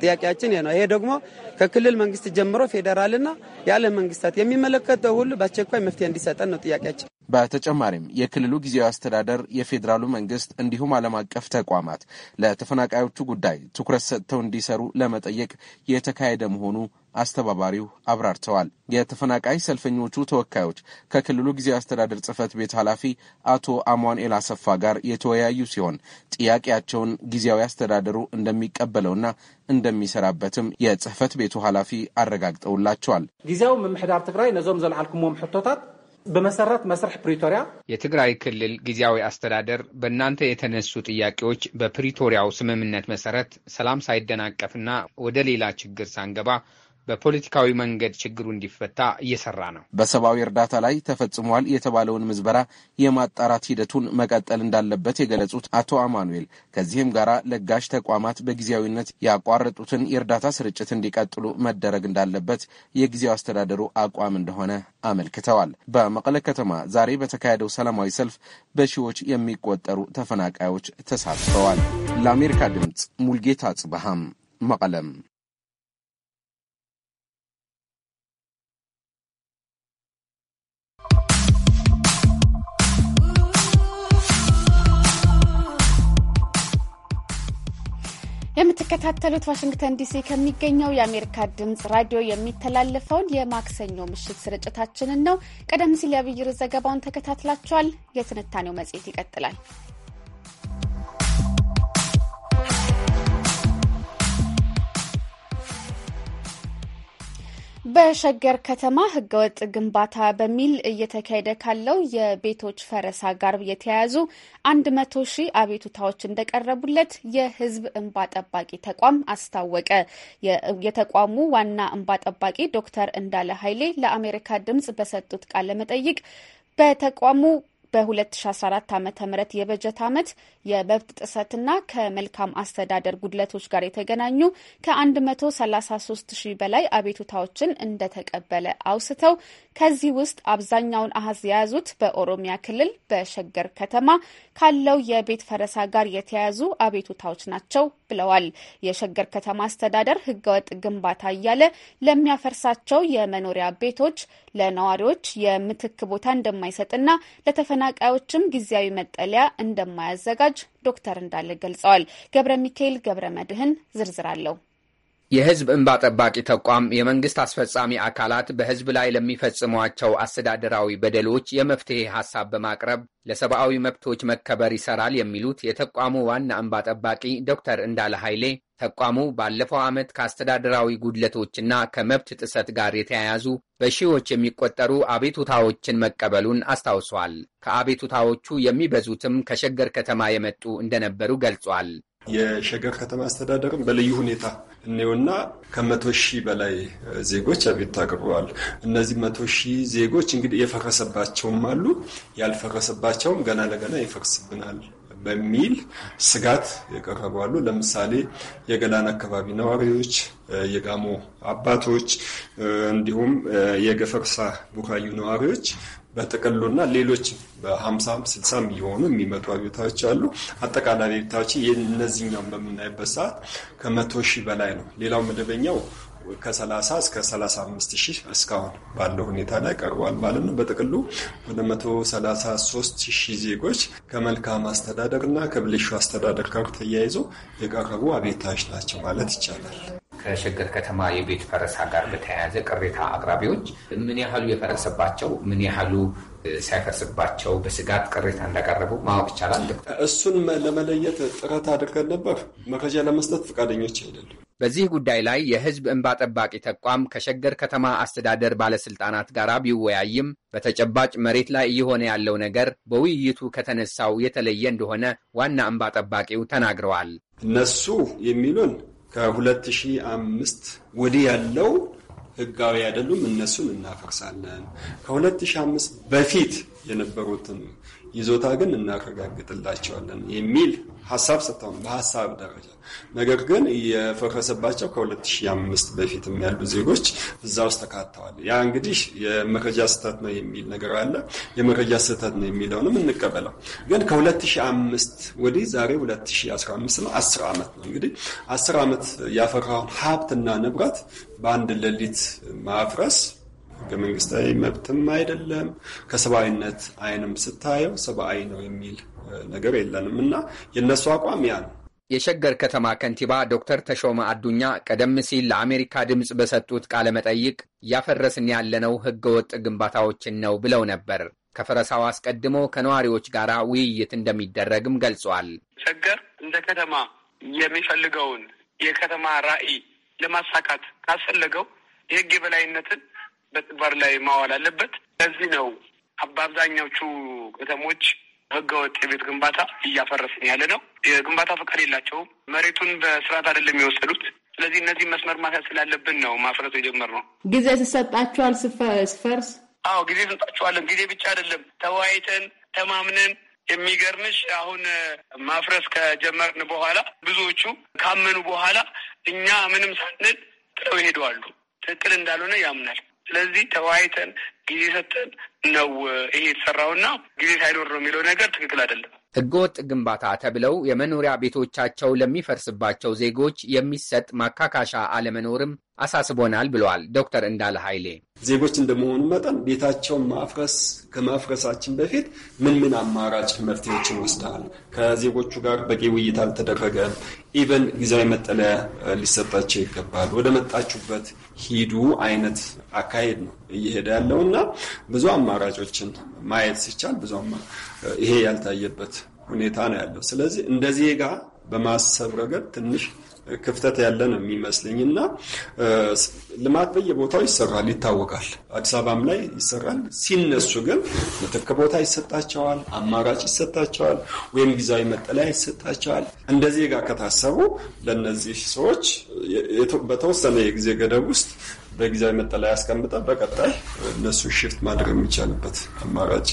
ጥያቄያችን ይሄ ነው። ይሄ ደግሞ ከክልል መንግስት ጀምሮ ፌዴራልና የዓለም መንግስታት የሚመለከተው ሁሉ በአስቸኳይ መፍትሄ እንዲሰጠን ነው ጥያቄያችን። በተጨማሪም የክልሉ ጊዜያዊ አስተዳደር፣ የፌዴራሉ መንግስት እንዲሁም ዓለም አቀፍ ተቋማት ለተፈናቃዮቹ ጉዳይ ትኩረት ሰጥተው እንዲሰሩ ለመጠየቅ የተካሄደ መሆኑ አስተባባሪው አብራርተዋል። የተፈናቃይ ሰልፈኞቹ ተወካዮች ከክልሉ ጊዜያዊ አስተዳደር ጽህፈት ቤት ኃላፊ አቶ አሟንኤል አሰፋ ጋር የተወያዩ ሲሆን ጥያቄያቸውን ጊዜያዊ አስተዳደሩ እንደሚቀበለውና እንደሚሰራበትም የጽህፈት ቤቱ ኃላፊ አረጋግጠውላቸዋል። ጊዜያዊ ምምሕዳር ትግራይ ነዞም ዘለዓልኩሞም ሕቶታት በመሰረት መስርሕ ፕሪቶሪያ የትግራይ ክልል ጊዜያዊ አስተዳደር በእናንተ የተነሱ ጥያቄዎች በፕሪቶሪያው ስምምነት መሰረት ሰላም ሳይደናቀፍና ወደ ሌላ ችግር ሳንገባ በፖለቲካዊ መንገድ ችግሩ እንዲፈታ እየሰራ ነው። በሰብአዊ እርዳታ ላይ ተፈጽሟል የተባለውን ምዝበራ የማጣራት ሂደቱን መቀጠል እንዳለበት የገለጹት አቶ አማኑኤል ከዚህም ጋር ለጋሽ ተቋማት በጊዜያዊነት ያቋረጡትን የእርዳታ ስርጭት እንዲቀጥሉ መደረግ እንዳለበት የጊዜው አስተዳደሩ አቋም እንደሆነ አመልክተዋል። በመቀለ ከተማ ዛሬ በተካሄደው ሰላማዊ ሰልፍ በሺዎች የሚቆጠሩ ተፈናቃዮች ተሳትፈዋል። ለአሜሪካ ድምፅ ሙልጌታ ጽበሃም መቀለም የምትከታተሉት ዋሽንግተን ዲሲ ከሚገኘው የአሜሪካ ድምፅ ራዲዮ የሚተላለፈውን የማክሰኞ ምሽት ስርጭታችንን ነው። ቀደም ሲል የአብይር ዘገባውን ተከታትላችኋል። የትንታኔው መጽሔት ይቀጥላል። በሸገር ከተማ ህገወጥ ግንባታ በሚል እየተካሄደ ካለው የቤቶች ፈረሳ ጋር የተያያዙ አንድ መቶ ሺህ አቤቱታዎች እንደቀረቡለት የህዝብ እንባ ጠባቂ ተቋም አስታወቀ። የተቋሙ ዋና እንባ ጠባቂ ዶክተር እንዳለ ኃይሌ ለአሜሪካ ድምጽ በሰጡት ቃለ መጠይቅ በተቋሙ በ2014 ዓ ም የበጀት ዓመት የመብት ጥሰትና ከመልካም አስተዳደር ጉድለቶች ጋር የተገናኙ ከ133 ሺህ በላይ አቤቱታዎችን እንደተቀበለ አውስተው ከዚህ ውስጥ አብዛኛውን አሀዝ የያዙት በኦሮሚያ ክልል በሸገር ከተማ ካለው የቤት ፈረሳ ጋር የተያያዙ አቤቱታዎች ናቸው ብለዋል። የሸገር ከተማ አስተዳደር ህገወጥ ግንባታ እያለ ለሚያፈርሳቸው የመኖሪያ ቤቶች ለነዋሪዎች የምትክ ቦታ እንደማይሰጥና ለተፈና ለተፈናቃዮችም ጊዜያዊ መጠለያ እንደማያዘጋጅ ዶክተር እንዳለ ገልጸዋል። ገብረ ሚካኤል ገብረ መድህን ዝርዝር አለው። የሕዝብ እንባ ጠባቂ ተቋም የመንግስት አስፈጻሚ አካላት በህዝብ ላይ ለሚፈጽሟቸው አስተዳደራዊ በደሎች የመፍትሔ ሐሳብ በማቅረብ ለሰብአዊ መብቶች መከበር ይሠራል የሚሉት የተቋሙ ዋና እንባ ጠባቂ ዶክተር እንዳለ ኃይሌ ተቋሙ ባለፈው ዓመት ከአስተዳደራዊ ጉድለቶችና ከመብት ጥሰት ጋር የተያያዙ በሺዎች የሚቆጠሩ አቤቱታዎችን መቀበሉን አስታውሷል። ከአቤቱታዎቹ የሚበዙትም ከሸገር ከተማ የመጡ እንደነበሩ ገልጿል። የሸገር ከተማ አስተዳደርም በልዩ ሁኔታ እኔውና ከመቶ ሺህ በላይ ዜጎች አቤቱታ አቅርበዋል። እነዚህ መቶ ሺህ ዜጎች እንግዲህ የፈረሰባቸውም አሉ፣ ያልፈረሰባቸውም ገና ለገና ይፈርስብናል በሚል ስጋት የቀረቡ አሉ። ለምሳሌ የገላን አካባቢ ነዋሪዎች፣ የጋሞ አባቶች እንዲሁም የገፈርሳ ቡራዩ ነዋሪዎች በጥቅሉ በጥቅሉና ሌሎች በሀምሳም ስልሳም እየሆኑ የሚመጡ አቤታዎች አሉ። አጠቃላይ አቤታዎች የእነዚህኛውን በምናይበት ሰዓት ከመቶ ሺህ በላይ ነው። ሌላው መደበኛው ከ30 እስከ 35 ሺህ እስካሁን ባለው ሁኔታ ላይ ቀርቧል ማለት ነው። በጥቅሉ ወደ 133 ሺህ ዜጎች ከመልካም አስተዳደር እና ከብልሹ አስተዳደር ጋር ተያይዞ የቀረቡ አቤታዎች ናቸው ማለት ይቻላል። ከሸገር ከተማ የቤት ፈረሳ ጋር በተያያዘ ቅሬታ አቅራቢዎች ምን ያህሉ የፈረሰባቸው ምን ያህሉ ሳይፈርስባቸው በስጋት ቅሬታ እንዳቀረቡ ማወቅ ይቻላል። እሱን ለመለየት ጥረት አድርገን ነበር። መረጃ ለመስጠት ፈቃደኞች አይደለም። በዚህ ጉዳይ ላይ የሕዝብ እንባ ጠባቂ ተቋም ከሸገር ከተማ አስተዳደር ባለስልጣናት ጋር ቢወያይም በተጨባጭ መሬት ላይ እየሆነ ያለው ነገር በውይይቱ ከተነሳው የተለየ እንደሆነ ዋና እንባ ጠባቂው ተናግረዋል። እነሱ የሚሉን ከ2005 ወዲህ ያለው ህጋዊ አይደሉም፣ እነሱን እናፈርሳለን። ከ2005 በፊት የነበሩትን ይዞታ ግን እናረጋግጥላቸዋለን የሚል ሀሳብ ሰጥተውን በሀሳብ ደረጃ ነገር ግን የፈረሰባቸው ከ2005 በፊትም ያሉ ዜጎች እዛ ውስጥ ተካተዋል። ያ እንግዲህ የመረጃ ስህተት ነው የሚል ነገር አለ። የመረጃ ስህተት ነው የሚለውንም እንቀበለው። ግን ከ2005 ወዲህ ዛሬ 2015 ነው፣ 10 ዓመት ነው እንግዲህ 10 ዓመት ያፈራውን ሀብትና ንብረት በአንድ ሌሊት ማፍረስ ህገ መንግስታዊ መብትም አይደለም። ከሰብአዊነት አይንም ስታየው ሰብአዊ ነው የሚል ነገር የለንም እና የእነሱ አቋም ያ ነው። የሸገር ከተማ ከንቲባ ዶክተር ተሾመ አዱኛ ቀደም ሲል ለአሜሪካ ድምፅ በሰጡት ቃለ መጠይቅ እያፈረስን ያለነው ህገወጥ ግንባታዎችን ነው ብለው ነበር። ከፈረሳው አስቀድሞ ከነዋሪዎች ጋር ውይይት እንደሚደረግም ገልጿል። ሸገር እንደ ከተማ የሚፈልገውን የከተማ ራዕይ ለማሳካት ካስፈለገው የህግ የበላይነትን በተግባር ላይ ማዋል አለበት። ለዚህ ነው በአብዛኛዎቹ ከተሞች ህገወጥ የቤት ግንባታ እያፈረስን ያለ ነው። የግንባታ ፈቃድ የላቸውም። መሬቱን በስርዓት አይደለም የወሰዱት። ስለዚህ እነዚህ መስመር ማሳት ስላለብን ነው ማፍረሱ የጀመርነው። ጊዜ ትሰጣችኋል ስፈርስ? አዎ ጊዜ እንሰጣችኋለን። ጊዜ ብቻ አይደለም ተወያይተን ተማምነን የሚገርምሽ አሁን ማፍረስ ከጀመርን በኋላ ብዙዎቹ ካመኑ በኋላ እኛ ምንም ሳንል ጥለው ይሄደዋሉ። ትክክል እንዳልሆነ ያምናል። ስለዚህ ተወያይተን ጊዜ ሰጥተን ነው ይሄ የተሰራውና ጊዜ ሳይኖር ነው የሚለው ነገር ትክክል አይደለም። ህገወጥ ግንባታ ተብለው የመኖሪያ ቤቶቻቸው ለሚፈርስባቸው ዜጎች የሚሰጥ ማካካሻ አለመኖርም አሳስቦናል ብለዋል ዶክተር እንዳለ ኃይሌ። ዜጎች እንደመሆኑ መጠን ቤታቸውን ማፍረስ ከማፍረሳችን በፊት ምን ምን አማራጭ መፍትሄዎችን ወስደሃል? ከዜጎቹ ጋር በቂ ውይይት አልተደረገም። ኢቨን ጊዜያዊ መጠለያ ሊሰጣቸው ይገባል፣ ወደ መጣችሁበት ሂዱ አይነት አካሄድ ነው እየሄደ ያለው እና ብዙ አማራጮችን ማየት ሲቻል ብዙ ይሄ ያልታየበት ሁኔታ ነው ያለው። ስለዚህ እንደ ዜጋ በማሰብ ረገድ ትንሽ ክፍተት ያለ ነው የሚመስለኝ እና ልማት በየቦታው ይሰራል፣ ይታወቃል። አዲስ አበባም ላይ ይሰራል። ሲነሱ ግን ምትክ ቦታ ይሰጣቸዋል፣ አማራጭ ይሰጣቸዋል፣ ወይም ጊዜያዊ መጠለያ ይሰጣቸዋል። እንደዚህ ጋር ከታሰቡ ለእነዚህ ሰዎች በተወሰነ የጊዜ ገደብ ውስጥ በጊዜያዊ መጠለያ ያስቀምጠ በቀጣይ እነሱ ሽፍት ማድረግ የሚቻልበት አማራጭ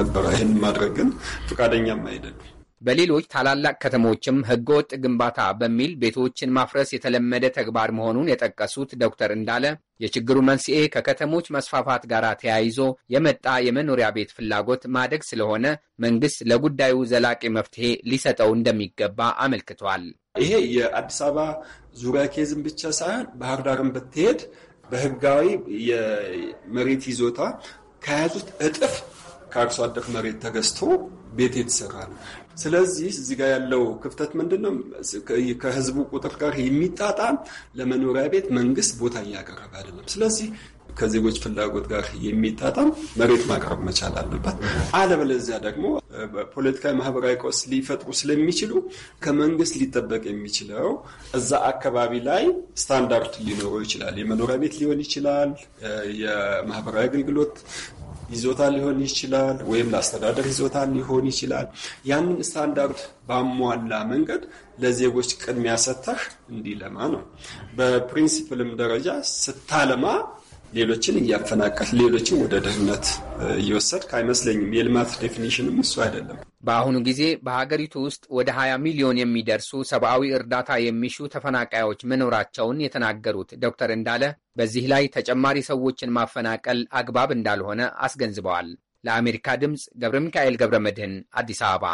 ነበረ። ይህን ማድረግ ግን ፈቃደኛም አይደሉም። በሌሎች ታላላቅ ከተሞችም ህገወጥ ግንባታ በሚል ቤቶችን ማፍረስ የተለመደ ተግባር መሆኑን የጠቀሱት ዶክተር እንዳለ የችግሩ መንስኤ ከከተሞች መስፋፋት ጋር ተያይዞ የመጣ የመኖሪያ ቤት ፍላጎት ማደግ ስለሆነ መንግስት ለጉዳዩ ዘላቂ መፍትሄ ሊሰጠው እንደሚገባ አመልክቷል። ይሄ የአዲስ አበባ ዙሪያ ኬዝን ብቻ ሳይሆን ባህር ዳርን ብትሄድ በህጋዊ የመሬት ይዞታ ከያዙት እጥፍ ከአርሶ አደር መሬት ተገዝቶ ቤት የተሰራ ነው። ስለዚህ እዚህ ጋር ያለው ክፍተት ምንድን ነው? ከህዝቡ ቁጥር ጋር የሚጣጣም ለመኖሪያ ቤት መንግስት ቦታ እያቀረበ አይደለም። ስለዚህ ከዜጎች ፍላጎት ጋር የሚጣጣም መሬት ማቅረብ መቻል አለበት። አለበለዚያ ደግሞ ፖለቲካዊ፣ ማህበራዊ ቀውስ ሊፈጥሩ ስለሚችሉ ከመንግስት ሊጠበቅ የሚችለው እዛ አካባቢ ላይ ስታንዳርድ ሊኖረው ይችላል። የመኖሪያ ቤት ሊሆን ይችላል፣ የማህበራዊ አገልግሎት ይዞታ ሊሆን ይችላል፣ ወይም ለአስተዳደር ይዞታ ሊሆን ይችላል። ያንን ስታንዳርድ ባሟላ መንገድ ለዜጎች ቅድሚያ ሰጥተህ እንዲለማ ነው። በፕሪንሲፕልም ደረጃ ስታለማ ሌሎችን እያፈናቀል ሌሎችን ወደ ድህነት እየወሰድክ አይመስለኝም። የልማት ዴፊኒሽንም እሱ አይደለም። በአሁኑ ጊዜ በሀገሪቱ ውስጥ ወደ 20 ሚሊዮን የሚደርሱ ሰብአዊ እርዳታ የሚሹ ተፈናቃዮች መኖራቸውን የተናገሩት ዶክተር እንዳለ በዚህ ላይ ተጨማሪ ሰዎችን ማፈናቀል አግባብ እንዳልሆነ አስገንዝበዋል። ለአሜሪካ ድምፅ ገብረ ሚካኤል ገብረ መድህን አዲስ አበባ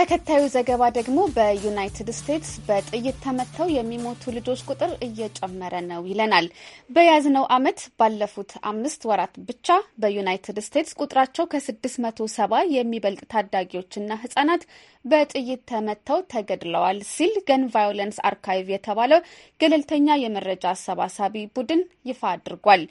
ተከታዩ ዘገባ ደግሞ በዩናይትድ ስቴትስ በጥይት ተመተው የሚሞቱ ልጆች ቁጥር እየጨመረ ነው ይለናል። በያዝነው ዓመት ባለፉት አምስት ወራት ብቻ በዩናይትድ ስቴትስ ቁጥራቸው ከ670 የሚበልጥ ታዳጊዎችና ህጻናት በጥይት ተመተው ተገድለዋል ሲል ገን ቫዮለንስ አርካይቭ የተባለው ገለልተኛ የመረጃ አሰባሳቢ ቡድን ይፋ አድርጓል።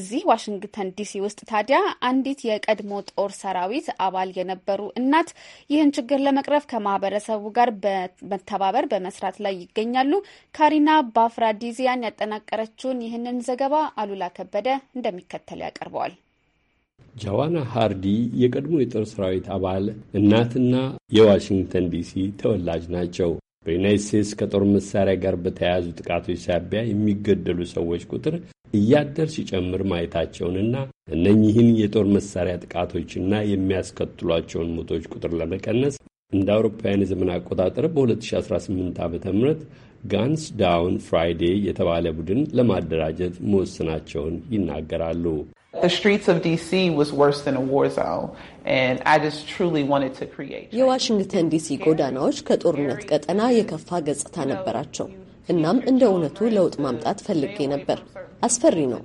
እዚህ ዋሽንግተን ዲሲ ውስጥ ታዲያ አንዲት የቀድሞ ጦር ሰራዊት አባል የነበሩ እናት ይህን ችግር ለመቅረፍ ከማህበረሰቡ ጋር በመተባበር በመስራት ላይ ይገኛሉ። ካሪና ባፍራዲዚያን ያጠናቀረችውን ይህንን ዘገባ አሉላ ከበደ እንደሚከተል ያቀርበዋል። ጃዋና ሃርዲ የቀድሞ የጦር ሰራዊት አባል እናትና የዋሽንግተን ዲሲ ተወላጅ ናቸው። በዩናይት ስቴትስ ከጦር መሳሪያ ጋር በተያያዙ ጥቃቶች ሳቢያ የሚገደሉ ሰዎች ቁጥር እያደር ሲጨምር ማየታቸውንና እነኚህን የጦር መሳሪያ ጥቃቶችና የሚያስከትሏቸውን ሞቶች ቁጥር ለመቀነስ እንደ አውሮፓውያን የዘመን አቆጣጠር በ2018 ዓ ም ጋንስ ዳውን ፍራይዴ የተባለ ቡድን ለማደራጀት መወሰናቸውን ይናገራሉ። የዋሽንግተን ዲሲ ጎዳናዎች ከጦርነት ቀጠና የከፋ ገጽታ ነበራቸው። እናም እንደ እውነቱ ለውጥ ማምጣት ፈልጌ ነበር። አስፈሪ ነው።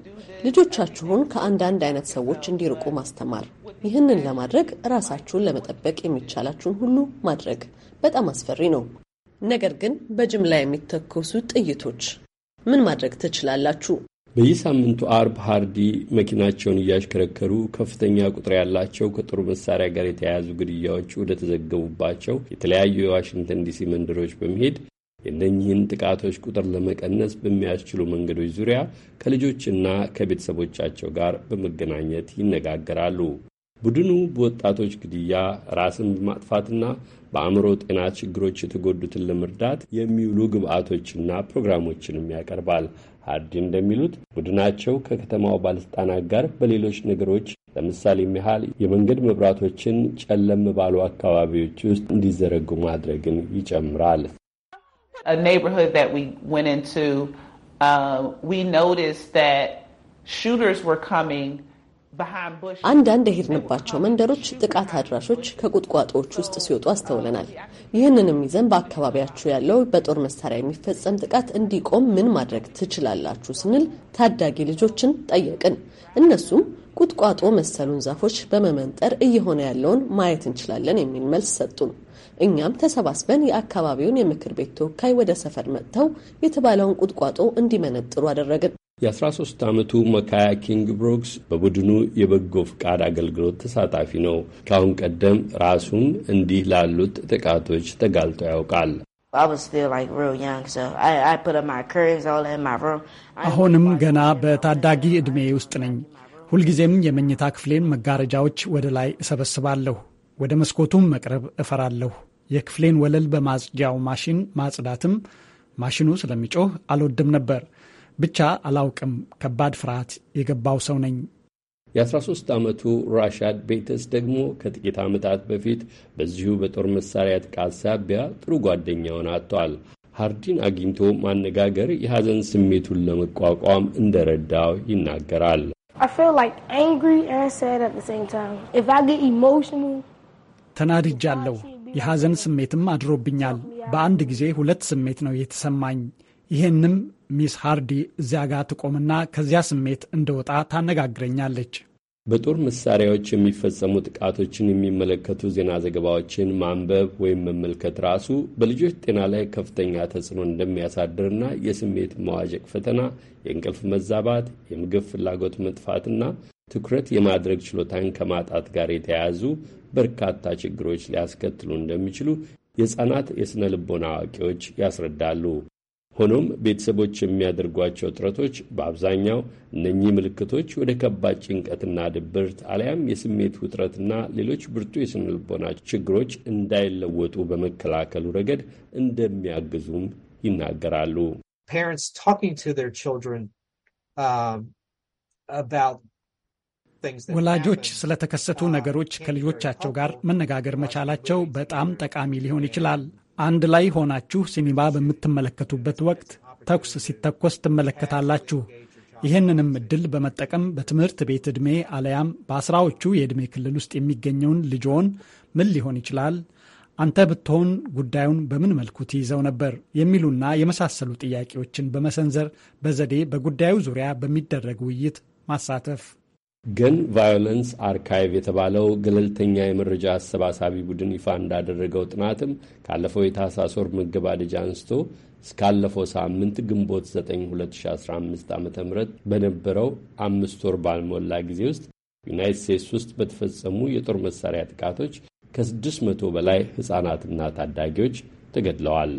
ልጆቻችሁን ከአንዳንድ አይነት ሰዎች እንዲርቁ ማስተማር፣ ይህንን ለማድረግ ራሳችሁን ለመጠበቅ የሚቻላችሁን ሁሉ ማድረግ በጣም አስፈሪ ነው። ነገር ግን በጅምላ የሚተኮሱ ጥይቶች ምን ማድረግ ትችላላችሁ? በየሳምንቱ አርብ ሃርዲ መኪናቸውን እያሽከረከሩ ከፍተኛ ቁጥር ያላቸው ከጦር መሳሪያ ጋር የተያያዙ ግድያዎች ወደተዘገቡባቸው የተለያዩ የዋሽንግተን ዲሲ መንደሮች በመሄድ የእነኚህን ጥቃቶች ቁጥር ለመቀነስ በሚያስችሉ መንገዶች ዙሪያ ከልጆችና ከቤተሰቦቻቸው ጋር በመገናኘት ይነጋገራሉ። ቡድኑ በወጣቶች ግድያ፣ ራስን በማጥፋትና በአእምሮ ጤና ችግሮች የተጎዱትን ለመርዳት የሚውሉ ግብዓቶችና ፕሮግራሞችንም ያቀርባል። አርድ እንደሚሉት ቡድናቸው ከከተማው ባለስልጣናት ጋር በሌሎች ነገሮች ለምሳሌ ያህል የመንገድ መብራቶችን ጨለም ባሉ አካባቢዎች ውስጥ እንዲዘረጉ ማድረግን ይጨምራል። አንዳንድ የሄድንባቸው መንደሮች ጥቃት አድራሾች ከቁጥቋጦዎች ውስጥ ሲወጡ አስተውለናል። ይህንንም ይዘን በአካባቢያችሁ ያለው በጦር መሳሪያ የሚፈጸም ጥቃት እንዲቆም ምን ማድረግ ትችላላችሁ ስንል ታዳጊ ልጆችን ጠየቅን። እነሱም ቁጥቋጦ መሰሉን ዛፎች በመመንጠር እየሆነ ያለውን ማየት እንችላለን የሚል መልስ ሰጡን። እኛም ተሰባስበን የአካባቢውን የምክር ቤት ተወካይ ወደ ሰፈር መጥተው የተባለውን ቁጥቋጦ እንዲመነጥሩ አደረግን። የ13 ዓመቱ መካያ ኪንግ ብሮክስ በቡድኑ የበጎ ፍቃድ አገልግሎት ተሳታፊ ነው። ከአሁን ቀደም ራሱም እንዲህ ላሉት ጥቃቶች ተጋልጦ ያውቃል። አሁንም ገና በታዳጊ ዕድሜ ውስጥ ነኝ። ሁልጊዜም የመኝታ ክፍሌን መጋረጃዎች ወደ ላይ እሰበስባለሁ። ወደ መስኮቱም መቅረብ እፈራለሁ። የክፍሌን ወለል በማጽጃው ማሽን ማጽዳትም ማሽኑ ስለሚጮህ አልወድም ነበር። ብቻ አላውቅም። ከባድ ፍርሃት የገባው ሰው ነኝ። የ13 ዓመቱ ራሻድ ቤተስ ደግሞ ከጥቂት ዓመታት በፊት በዚሁ በጦር መሳሪያ ጥቃት ሳቢያ ጥሩ ጓደኛውን አጥቷል። ሃርዲን አግኝቶ ማነጋገር የሐዘን ስሜቱን ለመቋቋም እንደረዳው ይናገራል። ተናድጃለሁ፣ የሐዘን ስሜትም አድሮብኛል። በአንድ ጊዜ ሁለት ስሜት ነው የተሰማኝ። ይህንም ሚስ ሃርዲ እዚያ ጋር ትቆምና ከዚያ ስሜት እንደወጣ ታነጋግረኛለች። በጦር መሳሪያዎች የሚፈጸሙ ጥቃቶችን የሚመለከቱ ዜና ዘገባዎችን ማንበብ ወይም መመልከት ራሱ በልጆች ጤና ላይ ከፍተኛ ተጽዕኖ እንደሚያሳድርና የስሜት መዋዠቅ ፈተና፣ የእንቅልፍ መዛባት፣ የምግብ ፍላጎት መጥፋትና ትኩረት የማድረግ ችሎታን ከማጣት ጋር የተያያዙ በርካታ ችግሮች ሊያስከትሉ እንደሚችሉ የሕፃናት የሥነ ልቦና አዋቂዎች ያስረዳሉ። ሆኖም ቤተሰቦች የሚያደርጓቸው ጥረቶች በአብዛኛው እነኚህ ምልክቶች ወደ ከባድ ጭንቀትና ድብርት አሊያም የስሜት ውጥረትና ሌሎች ብርቱ የስነልቦና ችግሮች እንዳይለወጡ በመከላከሉ ረገድ እንደሚያግዙም ይናገራሉ። um, ወላጆች ስለተከሰቱ ነገሮች ከልጆቻቸው ጋር መነጋገር መቻላቸው በጣም ጠቃሚ ሊሆን ይችላል። አንድ ላይ ሆናችሁ ሲኒማ በምትመለከቱበት ወቅት ተኩስ ሲተኮስ ትመለከታላችሁ። ይህንንም እድል በመጠቀም በትምህርት ቤት ዕድሜ አለያም በአስራዎቹ የዕድሜ ክልል ውስጥ የሚገኘውን ልጆን ምን ሊሆን ይችላል፣ አንተ ብትሆን ጉዳዩን በምን መልኩ ትይዘው ነበር የሚሉና የመሳሰሉ ጥያቄዎችን በመሰንዘር በዘዴ በጉዳዩ ዙሪያ በሚደረግ ውይይት ማሳተፍ ግን ቫዮለንስ አርካይቭ የተባለው ገለልተኛ የመረጃ አሰባሳቢ ቡድን ይፋ እንዳደረገው ጥናትም ካለፈው የታህሳስ ወር መገባደጃ አንስቶ እስካለፈው ሳምንት ግንቦት 9 2015 ዓ ም በነበረው አምስት ወር ባልሞላ ጊዜ ውስጥ ዩናይት ስቴትስ ውስጥ በተፈጸሙ የጦር መሳሪያ ጥቃቶች ከ600 በላይ ሕፃናትና ታዳጊዎች ተገድለዋል።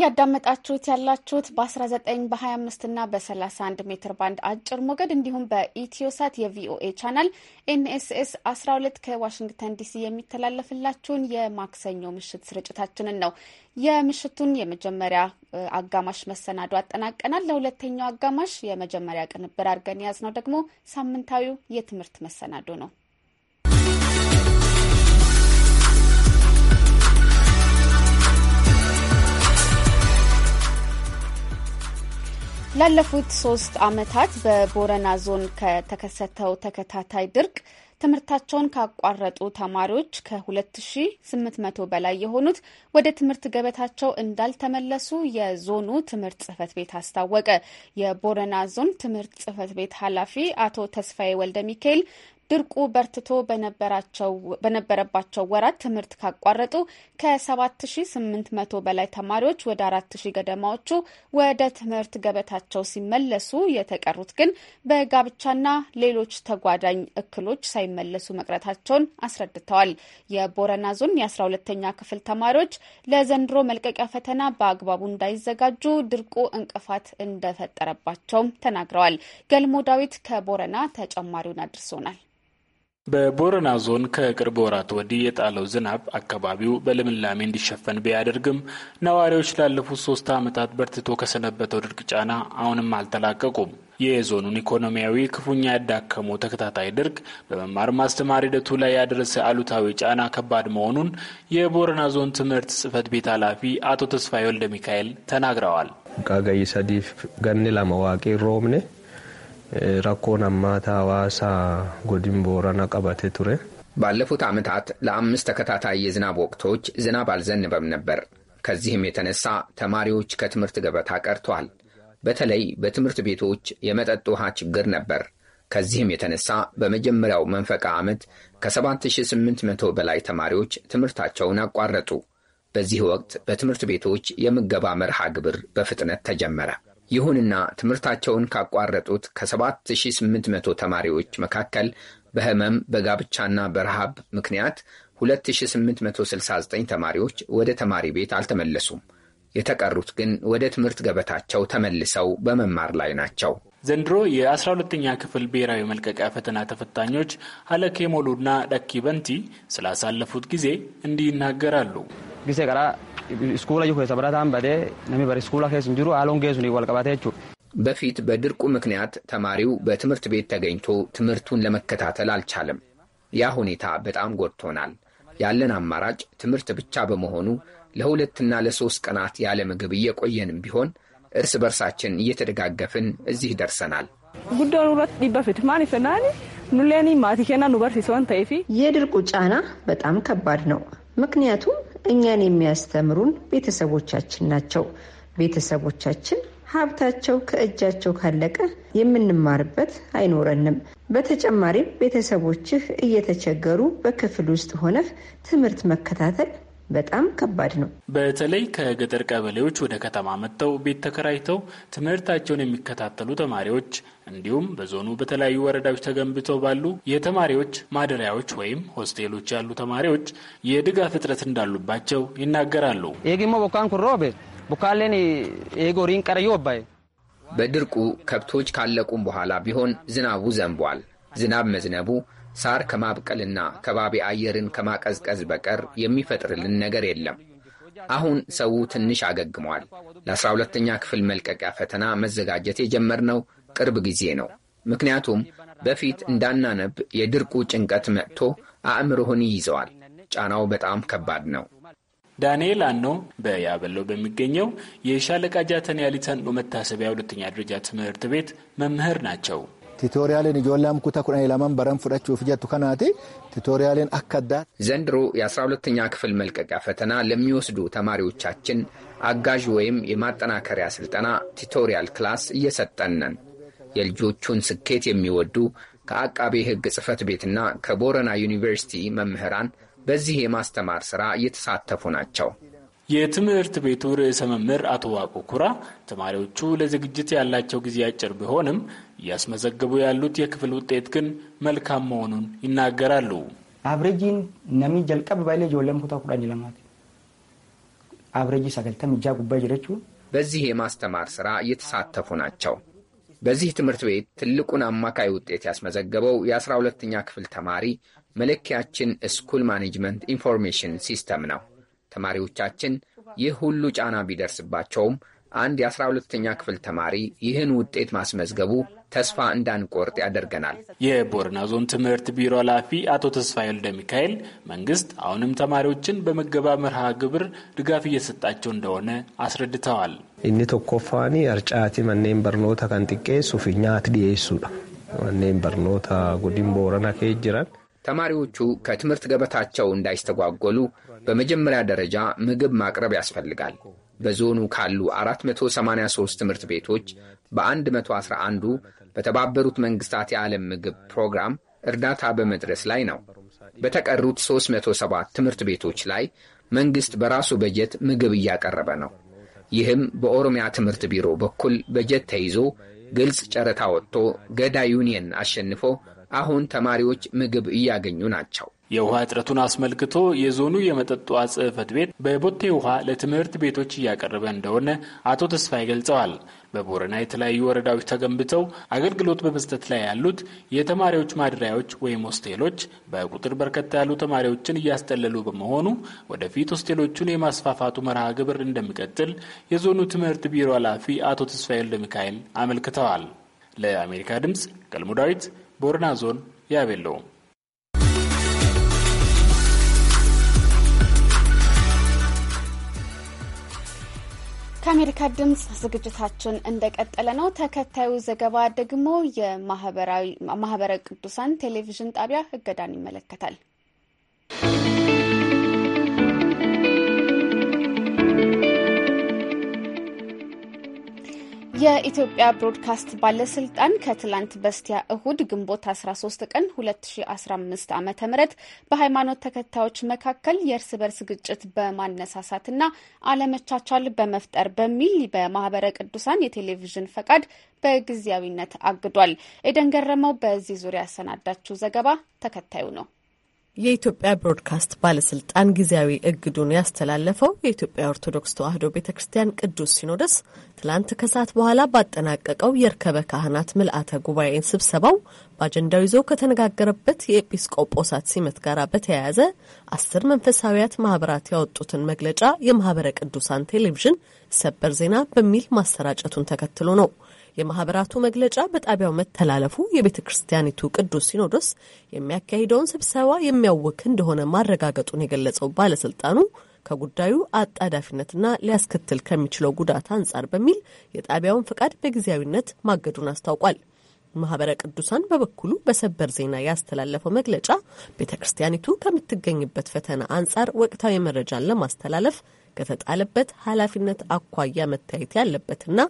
እያዳመጣችሁት ያላችሁት በ19 በ25 እና በ31 ሜትር ባንድ አጭር ሞገድ እንዲሁም በኢትዮሳት የቪኦኤ ቻናል ኤንኤስኤስ 12 ከዋሽንግተን ዲሲ የሚተላለፍላችሁን የማክሰኞ ምሽት ስርጭታችንን ነው። የምሽቱን የመጀመሪያ አጋማሽ መሰናዶ አጠናቀናል። ለሁለተኛው አጋማሽ የመጀመሪያ ቅንብር አድርገን የያዝነው ደግሞ ሳምንታዊው የትምህርት መሰናዶ ነው። ላለፉት ሶስት ዓመታት በቦረና ዞን ከተከሰተው ተከታታይ ድርቅ ትምህርታቸውን ካቋረጡ ተማሪዎች ከ2800 በላይ የሆኑት ወደ ትምህርት ገበታቸው እንዳልተመለሱ የዞኑ ትምህርት ጽህፈት ቤት አስታወቀ። የቦረና ዞን ትምህርት ጽህፈት ቤት ኃላፊ አቶ ተስፋዬ ወልደ ሚካኤል ድርቁ በርትቶ በነበረባቸው ወራት ትምህርት ካቋረጡ ከ7800 በላይ ተማሪዎች ወደ 4000 ገደማዎቹ ወደ ትምህርት ገበታቸው ሲመለሱ የተቀሩት ግን በጋብቻና ሌሎች ተጓዳኝ እክሎች ሳይመለሱ መቅረታቸውን አስረድተዋል። የቦረና ዞን የ12ተኛ ክፍል ተማሪዎች ለዘንድሮ መልቀቂያ ፈተና በአግባቡ እንዳይዘጋጁ ድርቁ እንቅፋት እንደፈጠረባቸውም ተናግረዋል። ገልሞ ዳዊት ከቦረና ተጨማሪውን አድርሶናል። በቦረና ዞን ከቅርብ ወራት ወዲህ የጣለው ዝናብ አካባቢው በልምላሜ እንዲሸፈን ቢያደርግም ነዋሪዎች ላለፉት ሶስት ዓመታት በርትቶ ከሰነበተው ድርቅ ጫና አሁንም አልተላቀቁም። የዞኑን ኢኮኖሚያዊ ክፉኛ ያዳከመው ተከታታይ ድርቅ በመማር ማስተማር ሂደቱ ላይ ያደረሰ አሉታዊ ጫና ከባድ መሆኑን የቦረና ዞን ትምህርት ጽህፈት ቤት ኃላፊ አቶ ተስፋዬ ወልደ ሚካኤል ተናግረዋል። ቃጋይ ሰዲፍ ገኒ ለመዋቂ ሮምኔ ራኮን አማታ ሐዋሳ ጎዲን ቦረና ቀበቴ ቱሬ ባለፉት ዓመታት ለአምስት ተከታታይ የዝናብ ወቅቶች ዝናብ አልዘንበም ነበር። ከዚህም የተነሳ ተማሪዎች ከትምህርት ገበታ ቀርተዋል። በተለይ በትምህርት ቤቶች የመጠጥ ውሃ ችግር ነበር። ከዚህም የተነሳ በመጀመሪያው መንፈቃ ዓመት ከ7800 በላይ ተማሪዎች ትምህርታቸውን አቋረጡ። በዚህ ወቅት በትምህርት ቤቶች የምገባ መርሃ ግብር በፍጥነት ተጀመረ። ይሁንና ትምህርታቸውን ካቋረጡት ከ7800 ተማሪዎች መካከል በህመም በጋብቻና በረሃብ ምክንያት 2869 ተማሪዎች ወደ ተማሪ ቤት አልተመለሱም። የተቀሩት ግን ወደ ትምህርት ገበታቸው ተመልሰው በመማር ላይ ናቸው። ዘንድሮ የ12ኛ ክፍል ብሔራዊ መልቀቂያ ፈተና ተፈታኞች ሀለኬ ሞሉና ዳኪ በንቲ ስላሳለፉት ጊዜ እንዲህ ይናገራሉ። gisee karaa iskuula keessa barataan badee namni bara iskuula keessa hin jiru haaloon geessuun wal qabate jechuudha. በፊት በድርቁ ምክንያት ተማሪው በትምህርት ቤት ተገኝቶ ትምህርቱን ለመከታተል አልቻለም። ያ ሁኔታ በጣም ጎድቶናል። ያለን አማራጭ ትምህርት ብቻ በመሆኑ ለሁለትና ለሶስት ቀናት ያለ ምግብ እየቆየንም ቢሆን እርስ በርሳችን እየተደጋገፍን እዚህ ደርሰናል። ሁለት ማን ኑሌኒ ማቲኬና ተይፊ የድርቁ ጫና በጣም ከባድ ነው። ምክንያቱም እኛን የሚያስተምሩን ቤተሰቦቻችን ናቸው። ቤተሰቦቻችን ሀብታቸው ከእጃቸው ካለቀ የምንማርበት አይኖረንም። በተጨማሪም ቤተሰቦችህ እየተቸገሩ በክፍል ውስጥ ሆነህ ትምህርት መከታተል በጣም ከባድ ነው። በተለይ ከገጠር ቀበሌዎች ወደ ከተማ መጥተው ቤት ተከራይተው ትምህርታቸውን የሚከታተሉ ተማሪዎች እንዲሁም በዞኑ በተለያዩ ወረዳዎች ተገንብተው ባሉ የተማሪዎች ማደሪያዎች ወይም ሆስቴሎች ያሉ ተማሪዎች የድጋፍ እጥረት እንዳሉባቸው ይናገራሉ። የግሞ ቦካን ኩሮቤ ቡካሌን የጎሪን ቀረዮ ባይ በድርቁ ከብቶች ካለቁም በኋላ ቢሆን ዝናቡ ዘንቧል። ዝናብ መዝነቡ ሳር ከማብቀልና ከባቢ አየርን ከማቀዝቀዝ በቀር የሚፈጥርልን ነገር የለም። አሁን ሰው ትንሽ አገግሟል። 12 ተኛ ክፍል መልቀቂያ ፈተና መዘጋጀት የጀመርነው ቅርብ ጊዜ ነው። ምክንያቱም በፊት እንዳናነብ የድርቁ ጭንቀት መጥቶ አእምሮህን ይይዘዋል። ጫናው በጣም ከባድ ነው። ዳንኤል አኖ በያበለው በሚገኘው የሻለቃ ጃተን ያሊተን መታሰቢያ ሁለተኛ ደረጃ ትምህርት ቤት መምህር ናቸው። ቲቶሪያልን ኢጆላም ኩታ ኩ ላማን በረን ፍዳችሁ ፍጀቱ ከናቲ ቲቶሪያልን አካዳት ዘንድሮ የ12ተኛ ክፍል መልቀቂያ ፈተና ለሚወስዱ ተማሪዎቻችን አጋዥ ወይም የማጠናከሪያ ስልጠና ቲቶሪያል ክላስ እየሰጠን የልጆቹን ስኬት የሚወዱ ከአቃቤ ሕግ ጽህፈት ቤትና ከቦረና ዩኒቨርሲቲ መምህራን በዚህ የማስተማር ሥራ እየተሳተፉ ናቸው። የትምህርት ቤቱ ርዕሰ መምህር አቶ ዋቆ ኩራ ተማሪዎቹ ለዝግጅት ያላቸው ጊዜ አጭር ቢሆንም እያስመዘገቡ ያሉት የክፍል ውጤት ግን መልካም መሆኑን ይናገራሉ። አብሬጂን ነሚ ጀልቀብ ባይሌ ጆለም ኩታ ኩዳን ጅለማት አብሬጂ ሰገልተም እጃ ጉባኤ ጅረቹ በዚህ የማስተማር ስራ እየተሳተፉ ናቸው። በዚህ ትምህርት ቤት ትልቁን አማካይ ውጤት ያስመዘገበው የ12ኛ ክፍል ተማሪ መለኪያችን ስኩል ማኔጅመንት ኢንፎርሜሽን ሲስተም ነው። ተማሪዎቻችን ይህ ሁሉ ጫና ቢደርስባቸውም አንድ የ12ኛ ክፍል ተማሪ ይህን ውጤት ማስመዝገቡ ተስፋ እንዳንቆርጥ ያደርገናል። የቦረና ዞን ትምህርት ቢሮ ኃላፊ አቶ ተስፋዬ ወልደ ሚካኤል መንግስት አሁንም ተማሪዎችን በመገባ መርሃ ግብር ድጋፍ እየሰጣቸው እንደሆነ አስረድተዋል። እኒ ቶኮፋኒ አርጫቲ መኔም በርኖታ ከንጥቄ ሱፍኛ ዲሱዳ መኔም በርኖታ ጉዲም ቦረና ከጅራን ተማሪዎቹ ከትምህርት ገበታቸው እንዳይስተጓጎሉ በመጀመሪያ ደረጃ ምግብ ማቅረብ ያስፈልጋል። በዞኑ ካሉ 483 ትምህርት ቤቶች በ111ዱ በተባበሩት መንግስታት የዓለም ምግብ ፕሮግራም እርዳታ በመድረስ ላይ ነው። በተቀሩት 307 ትምህርት ቤቶች ላይ መንግስት በራሱ በጀት ምግብ እያቀረበ ነው። ይህም በኦሮሚያ ትምህርት ቢሮ በኩል በጀት ተይዞ ግልጽ ጨረታ ወጥቶ ገዳ ዩኒየን አሸንፎ አሁን ተማሪዎች ምግብ እያገኙ ናቸው። የውሃ እጥረቱን አስመልክቶ የዞኑ የመጠጥ ውሃ ቤት በቦቴ ውሃ ለትምህርት ቤቶች እያቀረበ እንደሆነ አቶ ተስፋ ገልጸዋል። በቦረና የተለያዩ ወረዳዎች ተገንብተው አገልግሎት በመስጠት ላይ ያሉት የተማሪዎች ማደሪያዎች ወይም ሆስቴሎች በቁጥር በርከት ያሉ ተማሪዎችን እያስጠለሉ በመሆኑ ወደፊት ሆስቴሎቹን የማስፋፋቱ መርሃ ግብር እንደሚቀጥል የዞኑ ትምህርት ቢሮ ኃላፊ አቶ ተስፋዬ ወልደ ሚካኤል አመልክተዋል። ለአሜሪካ ድምፅ ገልሞ ዳዊት ቦረና ዞን ያቤለው ከአሜሪካ ድምጽ ዝግጅታችን እንደቀጠለ ነው። ተከታዩ ዘገባ ደግሞ የማህበረ ቅዱሳን ቴሌቪዥን ጣቢያ እገዳን ይመለከታል። የኢትዮጵያ ብሮድካስት ባለስልጣን ከትላንት በስቲያ እሁድ ግንቦት 13 ቀን 2015 ዓ ም በሃይማኖት ተከታዮች መካከል የእርስ በርስ ግጭት በማነሳሳትና አለመቻቻል በመፍጠር በሚል በማህበረ ቅዱሳን የቴሌቪዥን ፈቃድ በጊዜያዊነት አግዷል። ኤደን ገረመው በዚህ ዙሪያ ያሰናዳችው ዘገባ ተከታዩ ነው። የኢትዮጵያ ብሮድካስት ባለስልጣን ጊዜያዊ እግዱን ያስተላለፈው የኢትዮጵያ ኦርቶዶክስ ተዋሕዶ ቤተ ክርስቲያን ቅዱስ ሲኖዶስ ትላንት ከሰዓት በኋላ ባጠናቀቀው የእርከበ ካህናት ምልአተ ጉባኤን ስብሰባው በአጀንዳው ይዞ ከተነጋገረበት የኤጲስቆጶሳት ሲመት ጋር በተያያዘ አስር መንፈሳዊያት ማህበራት ያወጡትን መግለጫ የማህበረ ቅዱሳን ቴሌቪዥን ሰበር ዜና በሚል ማሰራጨቱን ተከትሎ ነው። የማህበራቱ መግለጫ በጣቢያው መተላለፉ የቤተ ክርስቲያኒቱ ቅዱስ ሲኖዶስ የሚያካሂደውን ስብሰባ የሚያውክ እንደሆነ ማረጋገጡን የገለጸው ባለስልጣኑ ከጉዳዩ አጣዳፊነትና ሊያስከትል ከሚችለው ጉዳት አንጻር በሚል የጣቢያውን ፍቃድ በጊዜያዊነት ማገዱን አስታውቋል። ማህበረ ቅዱሳን በበኩሉ በሰበር ዜና ያስተላለፈው መግለጫ ቤተ ክርስቲያኒቱ ከምትገኝበት ፈተና አንጻር ወቅታዊ መረጃን ለማስተላለፍ ከተጣለበት ኃላፊነት አኳያ መታየት ያለበትና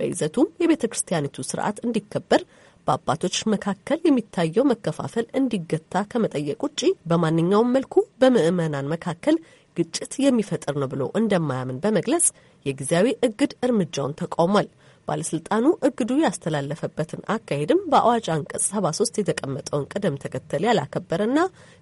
በይዘቱም የቤተ ክርስቲያኒቱ ስርዓት እንዲከበር በአባቶች መካከል የሚታየው መከፋፈል እንዲገታ ከመጠየቅ ውጪ በማንኛውም መልኩ በምዕመናን መካከል ግጭት የሚፈጥር ነው ብሎ እንደማያምን በመግለጽ የጊዜያዊ እግድ እርምጃውን ተቃውሟል። ባለስልጣኑ እግዱ ያስተላለፈበትን አካሄድም በአዋጅ አንቀጽ 73 የተቀመጠውን ቅደም ተከተል ያላከበረና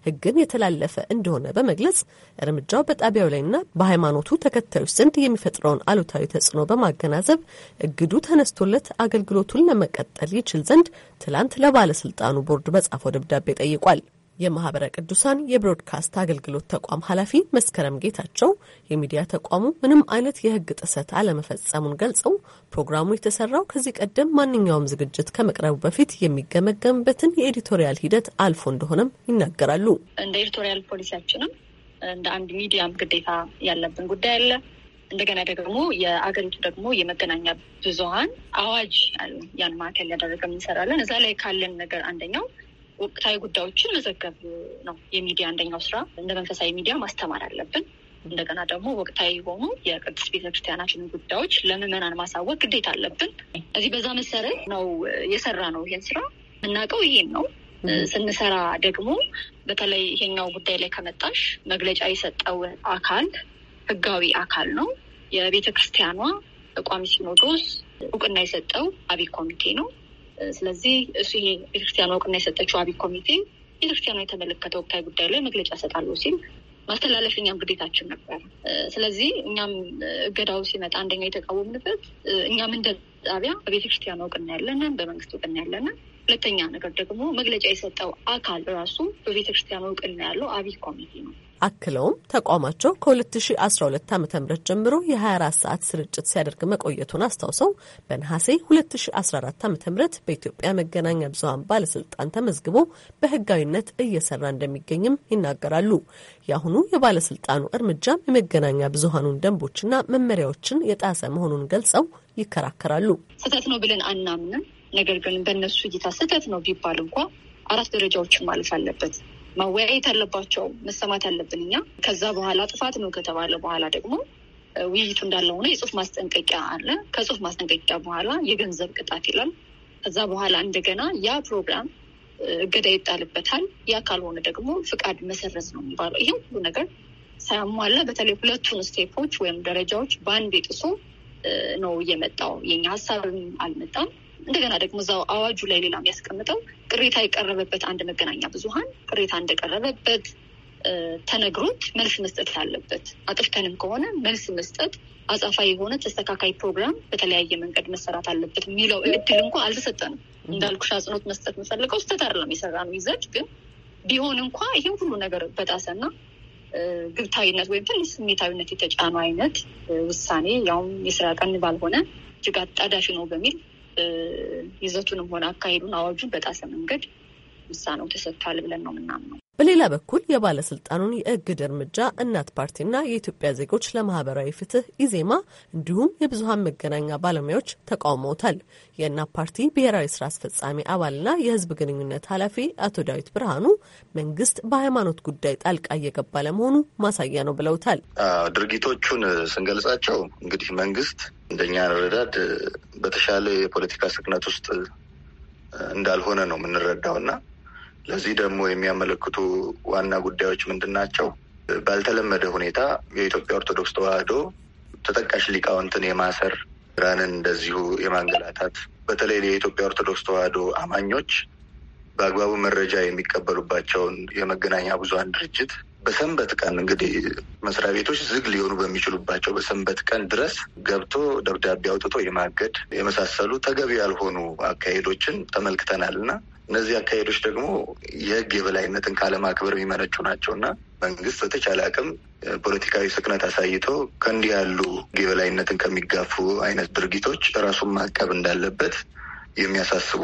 ሕግን የተላለፈ እንደሆነ በመግለጽ እርምጃው በጣቢያው ላይና በሃይማኖቱ ተከታዮች ዘንድ የሚፈጥረውን አሉታዊ ተጽዕኖ በማገናዘብ እግዱ ተነስቶለት አገልግሎቱን ለመቀጠል ይችል ዘንድ ትላንት ለባለስልጣኑ ቦርድ በጻፈው ደብዳቤ ጠይቋል። የማህበረ ቅዱሳን የብሮድካስት አገልግሎት ተቋም ኃላፊ መስከረም ጌታቸው የሚዲያ ተቋሙ ምንም አይነት የህግ ጥሰት አለመፈጸሙን ገልጸው ፕሮግራሙ የተሰራው ከዚህ ቀደም ማንኛውም ዝግጅት ከመቅረቡ በፊት የሚገመገምበትን የኤዲቶሪያል ሂደት አልፎ እንደሆነም ይናገራሉ። እንደ ኤዲቶሪያል ፖሊሲያችንም እንደ አንድ ሚዲያም ግዴታ ያለብን ጉዳይ አለ። እንደገና ደግሞ የአገሪቱ ደግሞ የመገናኛ ብዙሀን አዋጅ ያን ማዕከል ያደረገ እንሰራለን። እዛ ላይ ካለን ነገር አንደኛው ወቅታዊ ጉዳዮችን መዘገብ ነው የሚዲያ አንደኛው ስራ። እንደ መንፈሳዊ ሚዲያ ማስተማር አለብን። እንደገና ደግሞ ወቅታዊ የሆኑ የቅድስት ቤተክርስቲያናችን ጉዳዮች ለምዕመናን ማሳወቅ ግዴታ አለብን። እዚህ በዛ መሰረት ነው የሰራ ነው ይሄን ስራ የምናውቀው ይሄን ነው ስንሰራ ደግሞ በተለይ ይሄኛው ጉዳይ ላይ ከመጣሽ መግለጫ የሰጠው አካል ህጋዊ አካል ነው። የቤተ ክርስቲያኗ ቋሚ ሲኖዶስ እውቅና የሰጠው አቢ ኮሚቴ ነው። ስለዚህ እሱ ቤተክርስቲያኑ እውቅና የሰጠችው አቢ ኮሚቴ ቤተክርስቲያኗ የተመለከተ ወቅታዊ ጉዳይ ላይ መግለጫ ሰጣለሁ ሲል ማስተላለፍ እኛም ግዴታችን ነበር። ስለዚህ እኛም እገዳው ሲመጣ አንደኛ የተቃወምንበት እኛም እንደ ጣቢያ በቤተክርስቲያን እውቅና ያለንን በመንግስት እውቅና ያለንን፣ ሁለተኛ ነገር ደግሞ መግለጫ የሰጠው አካል ራሱ በቤተክርስቲያን እውቅና ያለው አቢ ኮሚቴ ነው። አክለውም ተቋማቸው ከ2012 ዓ ም ጀምሮ የ24 ሰዓት ስርጭት ሲያደርግ መቆየቱን አስታውሰው በነሐሴ 2014 ዓ ም በኢትዮጵያ መገናኛ ብዙሀን ባለስልጣን ተመዝግቦ በህጋዊነት እየሰራ እንደሚገኝም ይናገራሉ። የአሁኑ የባለስልጣኑ እርምጃም የመገናኛ ብዙሀኑን ደንቦችና መመሪያዎችን የጣሰ መሆኑን ገልጸው ይከራከራሉ። ስህተት ነው ብለን አናምንም። ነገር ግን በእነሱ እይታ ስህተት ነው ቢባል እንኳ አራት ደረጃዎችን ማለፍ አለበት። ማወያየት አለባቸው። መሰማት አለብን እኛ። ከዛ በኋላ ጥፋት ነው ከተባለ በኋላ ደግሞ ውይይቱ እንዳለ ሆነ የጽሁፍ ማስጠንቀቂያ አለ። ከጽሁፍ ማስጠንቀቂያ በኋላ የገንዘብ ቅጣት ይላል። ከዛ በኋላ እንደገና ያ ፕሮግራም እገዳ ይጣልበታል። ያ ካልሆነ ደግሞ ፍቃድ መሰረዝ ነው የሚባለው። ይህም ሁሉ ነገር ሳያሟላ በተለይ ሁለቱን ስቴፖች ወይም ደረጃዎች በአንድ የጥሶ ነው እየመጣው። የኛ ሀሳብም አልመጣም እንደገና ደግሞ እዛው አዋጁ ላይ ሌላ የሚያስቀምጠው ቅሬታ የቀረበበት አንድ መገናኛ ብዙሀን ቅሬታ እንደቀረበበት ተነግሮት መልስ መስጠት አለበት። አጥፍተንም ከሆነ መልስ መስጠት አጻፋ የሆነ ተስተካካይ ፕሮግራም በተለያየ መንገድ መሰራት አለበት የሚለው እድል እንኳ አልተሰጠንም። እንዳልኩሽ አጽኖት መስጠት የምፈልገው ስህተት የሰራ ነው ይዘት ግን ቢሆን እንኳ ይህም ሁሉ ነገር በጣሰና ግብታዊነት ወይም ትንሽ ስሜታዊነት የተጫኑ አይነት ውሳኔ ያውም የስራ ቀን ባልሆነ እጅግ አጣዳፊ ነው በሚል ይዘቱንም ሆነ አካሄዱን አዋጁን በጣሰ መንገድ ውሳኔው ተሰጥቷል ብለን ነው ምናምነው። በሌላ በኩል የባለስልጣኑን የእግድ እርምጃ እናት ፓርቲና የኢትዮጵያ ዜጎች ለማህበራዊ ፍትህ ኢዜማ እንዲሁም የብዙሀን መገናኛ ባለሙያዎች ተቃውመውታል። የእናት ፓርቲ ብሔራዊ ስራ አስፈጻሚ አባልና የህዝብ ግንኙነት ኃላፊ አቶ ዳዊት ብርሃኑ መንግስት በሃይማኖት ጉዳይ ጣልቃ እየገባ ለመሆኑ ማሳያ ነው ብለውታል። ድርጊቶቹን ስንገልጻቸው እንግዲህ መንግስት እንደኛ ረዳድ በተሻለ የፖለቲካ ስክነት ውስጥ እንዳልሆነ ነው የምንረዳው እና ለዚህ ደግሞ የሚያመለክቱ ዋና ጉዳዮች ምንድን ናቸው? ባልተለመደ ሁኔታ የኢትዮጵያ ኦርቶዶክስ ተዋሕዶ ተጠቃሽ ሊቃውንትን የማሰር ራንን እንደዚሁ የማንገላታት በተለይ የኢትዮጵያ ኦርቶዶክስ ተዋህዶ አማኞች በአግባቡ መረጃ የሚቀበሉባቸውን የመገናኛ ብዙሀን ድርጅት በሰንበት ቀን እንግዲህ መስሪያ ቤቶች ዝግ ሊሆኑ በሚችሉባቸው በሰንበት ቀን ድረስ ገብቶ ደብዳቤ አውጥቶ የማገድ የመሳሰሉ ተገቢ ያልሆኑ አካሄዶችን ተመልክተናል እና እነዚህ አካሄዶች ደግሞ የህግ የበላይነትን ካለማክበር የሚመነጩ ናቸው እና መንግስት በተቻለ አቅም ፖለቲካዊ ስክነት አሳይቶ ከእንዲህ ያሉ የበላይነትን ከሚጋፉ አይነት ድርጊቶች ራሱን ማቀብ እንዳለበት የሚያሳስቡ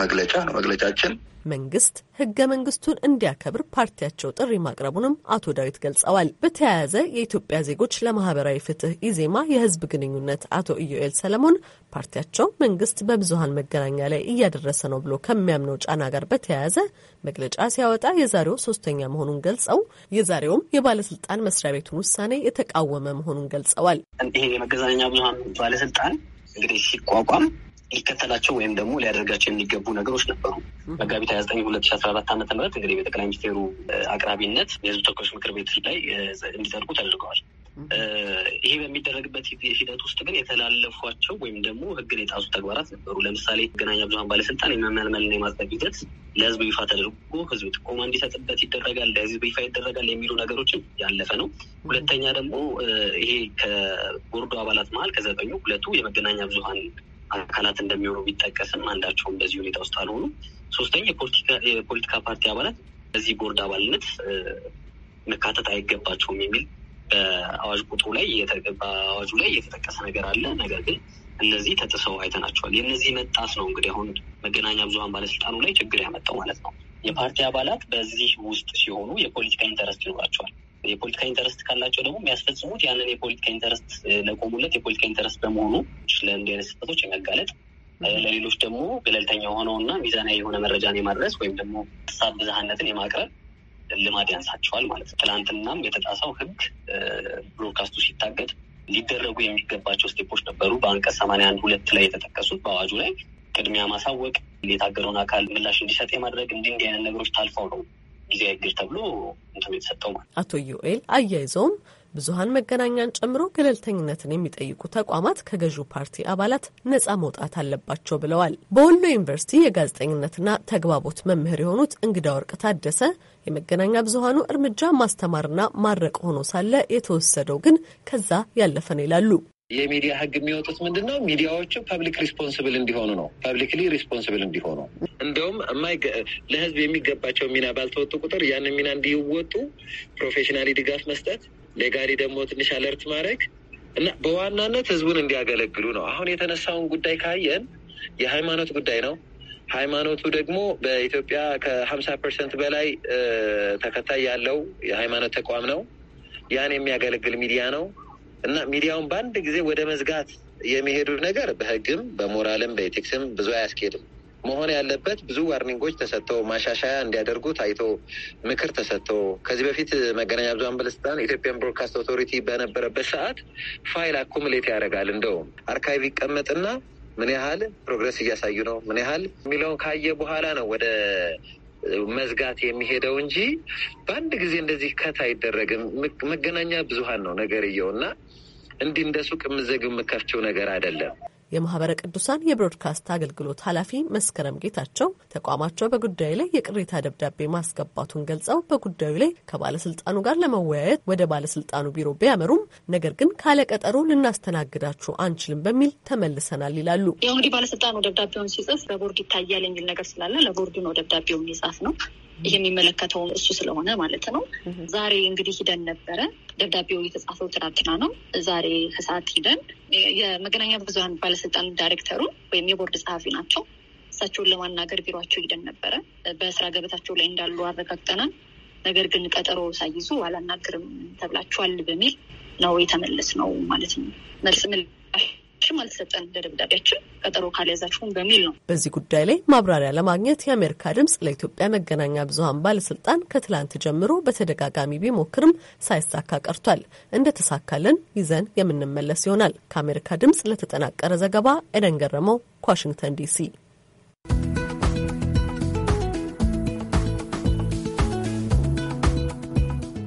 መግለጫ ነው መግለጫችን። መንግስት ህገ መንግስቱን እንዲያከብር ፓርቲያቸው ጥሪ ማቅረቡንም አቶ ዳዊት ገልጸዋል። በተያያዘ የኢትዮጵያ ዜጎች ለማህበራዊ ፍትህ ኢዜማ የህዝብ ግንኙነት አቶ ኢዮኤል ሰለሞን ፓርቲያቸው መንግስት በብዙሀን መገናኛ ላይ እያደረሰ ነው ብሎ ከሚያምነው ጫና ጋር በተያያዘ መግለጫ ሲያወጣ የዛሬው ሶስተኛ መሆኑን ገልጸው የዛሬውም የባለስልጣን መስሪያ ቤቱን ውሳኔ የተቃወመ መሆኑን ገልጸዋል። ይሄ የመገናኛ ብዙሀን ባለስልጣን እንግዲህ ሲቋቋም ሊከተላቸው ወይም ደግሞ ሊያደርጋቸው የሚገቡ ነገሮች ነበሩ። መጋቢት ሀያ ዘጠኝ ሁለት ሺ አስራ አራት ዓመተ ምህረት እንግዲህ በጠቅላይ ሚኒስቴሩ አቅራቢነት የህዝብ ተወካዮች ምክር ቤት ላይ እንዲጸድቁ ተደርገዋል። ይሄ በሚደረግበት ሂደት ውስጥ ግን የተላለፏቸው ወይም ደግሞ ህግን የጣሱ ተግባራት ነበሩ። ለምሳሌ መገናኛ ብዙሀን ባለስልጣን የመመልመልና የማጽደቅ ሂደት ለህዝብ ይፋ ተደርጎ ህዝብ ጥቆማ እንዲሰጥበት ይደረጋል፣ ለህዝብ ይፋ ይደረጋል የሚሉ ነገሮችን ያለፈ ነው። ሁለተኛ ደግሞ ይሄ ከቦርዱ አባላት መሀል ከዘጠኙ ሁለቱ የመገናኛ ብዙሀን አካላት እንደሚሆኑ ቢጠቀስም አንዳቸውም በዚህ ሁኔታ ውስጥ አልሆኑም። ሶስተኛ የፖለቲካ ፓርቲ አባላት በዚህ ቦርድ አባልነት መካተት አይገባቸውም የሚል በአዋጅ ቁጥሩ ላይ በአዋጁ ላይ የተጠቀሰ ነገር አለ። ነገር ግን እነዚህ ተጥሰው አይተናቸዋል። የእነዚህ መጣስ ነው እንግዲህ አሁን መገናኛ ብዙሀን ባለስልጣኑ ላይ ችግር ያመጣው ማለት ነው። የፓርቲ አባላት በዚህ ውስጥ ሲሆኑ የፖለቲካ ኢንተረስት ይኖራቸዋል። የፖለቲካ ኢንተረስት ካላቸው ደግሞ የሚያስፈጽሙት ያንን የፖለቲካ ኢንተረስት ለቆሙለት የፖለቲካ ኢንተረስት በመሆኑ ለእንዲህ አይነት ስህተቶች የመጋለጥ ለሌሎች ደግሞ ገለልተኛ ሆነውና ሚዛናዊ የሆነ መረጃን የማድረስ ወይም ደግሞ ሳብ ብዝሃነትን የማቅረብ ልማድ ያንሳቸዋል ማለት ነው። ትላንትናም የተጣሳው ህግ ብሮድካስቱ ሲታገድ ሊደረጉ የሚገባቸው ስቴፖች ነበሩ። በአንቀጽ ሰማንያ አንድ ሁለት ላይ የተጠቀሱት በአዋጁ ላይ ቅድሚያ ማሳወቅ፣ የታገረውን አካል ምላሽ እንዲሰጥ የማድረግ እንዲህ እንዲህ አይነት ነገሮች ታልፈው ነው ጊዜ እግድ ተብሎ እንትን የተሰጠው ማለት። አቶ ዮኤል አያይዘውም ብዙሀን መገናኛን ጨምሮ ገለልተኝነትን የሚጠይቁ ተቋማት ከገዢው ፓርቲ አባላት ነጻ መውጣት አለባቸው ብለዋል። በወሎ ዩኒቨርሲቲ የጋዜጠኝነትና ተግባቦት መምህር የሆኑት እንግዳ ወርቅ ታደሰ የመገናኛ ብዙሀኑ እርምጃ ማስተማርና ማድረቅ ሆኖ ሳለ የተወሰደው ግን ከዛ ያለፈ ነው ይላሉ። የሚዲያ ህግ የሚወጡት ምንድን ነው? ሚዲያዎቹ ፐብሊክ ሪስፖንስብል እንዲሆኑ ነው። ፐብሊክሊ ሪስፖንስብል እንዲሆኑ እንደውም ለህዝብ የሚገባቸው ሚና ባልተወጡ ቁጥር ያንን ሚና እንዲወጡ ፕሮፌሽናሊ ድጋፍ መስጠት፣ ሌጋሊ ደግሞ ትንሽ አለርት ማድረግ እና በዋናነት ህዝቡን እንዲያገለግሉ ነው። አሁን የተነሳውን ጉዳይ ካየን የሃይማኖት ጉዳይ ነው። ሃይማኖቱ ደግሞ በኢትዮጵያ ከሀምሳ ፐርሰንት በላይ ተከታይ ያለው የሃይማኖት ተቋም ነው። ያን የሚያገለግል ሚዲያ ነው። እና ሚዲያውን በአንድ ጊዜ ወደ መዝጋት የሚሄዱ ነገር በህግም በሞራልም በኤቲክስም ብዙ አያስኬድም። መሆን ያለበት ብዙ ዋርኒንጎች ተሰጥተው ማሻሻያ እንዲያደርጉ ታይቶ ምክር ተሰጥተው ከዚህ በፊት መገናኛ ብዙኃን ባለስልጣን ኢትዮጵያን ብሮድካስት ኦቶሪቲ በነበረበት ሰዓት ፋይል አኩሙሌት ያደርጋል። እንደውም አርካይቭ ይቀመጥና ምን ያህል ፕሮግረስ እያሳዩ ነው፣ ምን ያህል የሚለውን ካየ በኋላ ነው ወደ መዝጋት የሚሄደው እንጂ በአንድ ጊዜ እንደዚህ ከት አይደረግም። መገናኛ ብዙሀን ነው ነገርየው እና እንዲህ እንደ ሱቅ የምዘግብ የምከፍቸው ነገር አይደለም። የማህበረ ቅዱሳን የብሮድካስት አገልግሎት ኃላፊ መስከረም ጌታቸው ተቋማቸው በጉዳዩ ላይ የቅሬታ ደብዳቤ ማስገባቱን ገልጸው በጉዳዩ ላይ ከባለስልጣኑ ጋር ለመወያየት ወደ ባለስልጣኑ ቢሮ ቢያመሩም ነገር ግን ካለቀጠሩ ልናስተናግዳችሁ አንችልም በሚል ተመልሰናል ይላሉ። ያው እንግዲህ ባለስልጣኑ ደብዳቤውን ሲጽፍ በቦርድ ይታያል የሚል ነገር ስላለ ለቦርዱ ነው ደብዳቤውን የሚጻፍ ነው። ይሄ የሚመለከተው እሱ ስለሆነ ማለት ነው። ዛሬ እንግዲህ ሂደን ነበረ። ደብዳቤው የተጻፈው ትናንትና ነው። ዛሬ ከሰዓት ሂደን የመገናኛ ብዙሀን ባለስልጣን ዳይሬክተሩ ወይም የቦርድ ጸሐፊ ናቸው እሳቸውን ለማናገር ቢሯቸው ሂደን ነበረ። በስራ ገበታቸው ላይ እንዳሉ አረጋግጠናል። ነገር ግን ቀጠሮ ሳይዙ አላናግርም ተብላችኋል በሚል ነው የተመለስ ነው ማለት ነው መልስ ምላሽ ሽም አልተሰጠን ለደብዳቤያችን ቀጠሮ ካልያዛችሁም በሚል ነው። በዚህ ጉዳይ ላይ ማብራሪያ ለማግኘት የአሜሪካ ድምጽ ለኢትዮጵያ መገናኛ ብዙኃን ባለስልጣን ከትላንት ጀምሮ በተደጋጋሚ ቢሞክርም ሳይሳካ ቀርቷል። እንደተሳካልን ይዘን የምንመለስ ይሆናል። ከአሜሪካ ድምጽ ለተጠናቀረ ዘገባ ኤደን ገረመው ከዋሽንግተን ዲሲ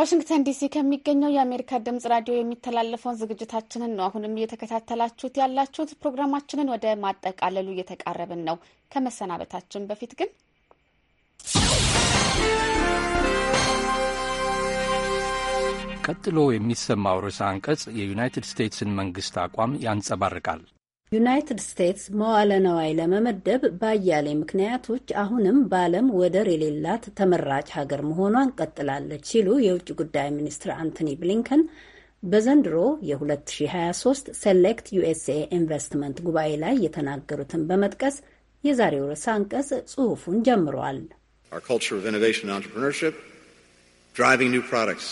ዋሽንግተን ዲሲ ከሚገኘው የአሜሪካ ድምጽ ራዲዮ የሚተላለፈውን ዝግጅታችንን ነው አሁንም እየተከታተላችሁት ያላችሁት። ፕሮግራማችንን ወደ ማጠቃለሉ እየተቃረብን ነው። ከመሰናበታችን በፊት ግን ቀጥሎ የሚሰማው ርዕሰ አንቀጽ የዩናይትድ ስቴትስን መንግስት አቋም ያንጸባርቃል። ዩናይትድ ስቴትስ መዋለ ነዋይ ለመመደብ ባያሌ ምክንያቶች አሁንም በዓለም ወደር የሌላት ተመራጭ ሀገር መሆኗን ቀጥላለች ሲሉ የውጭ ጉዳይ ሚኒስትር አንቶኒ ብሊንከን በዘንድሮ የ2023 ሴሌክት ዩኤስኤ ኢንቨስትመንት ጉባኤ ላይ የተናገሩትን በመጥቀስ የዛሬው ርዕሰ አንቀጽ ጽሑፉን ጀምሯል። ድራይቪንግ ኒው ፕሮዳክትስ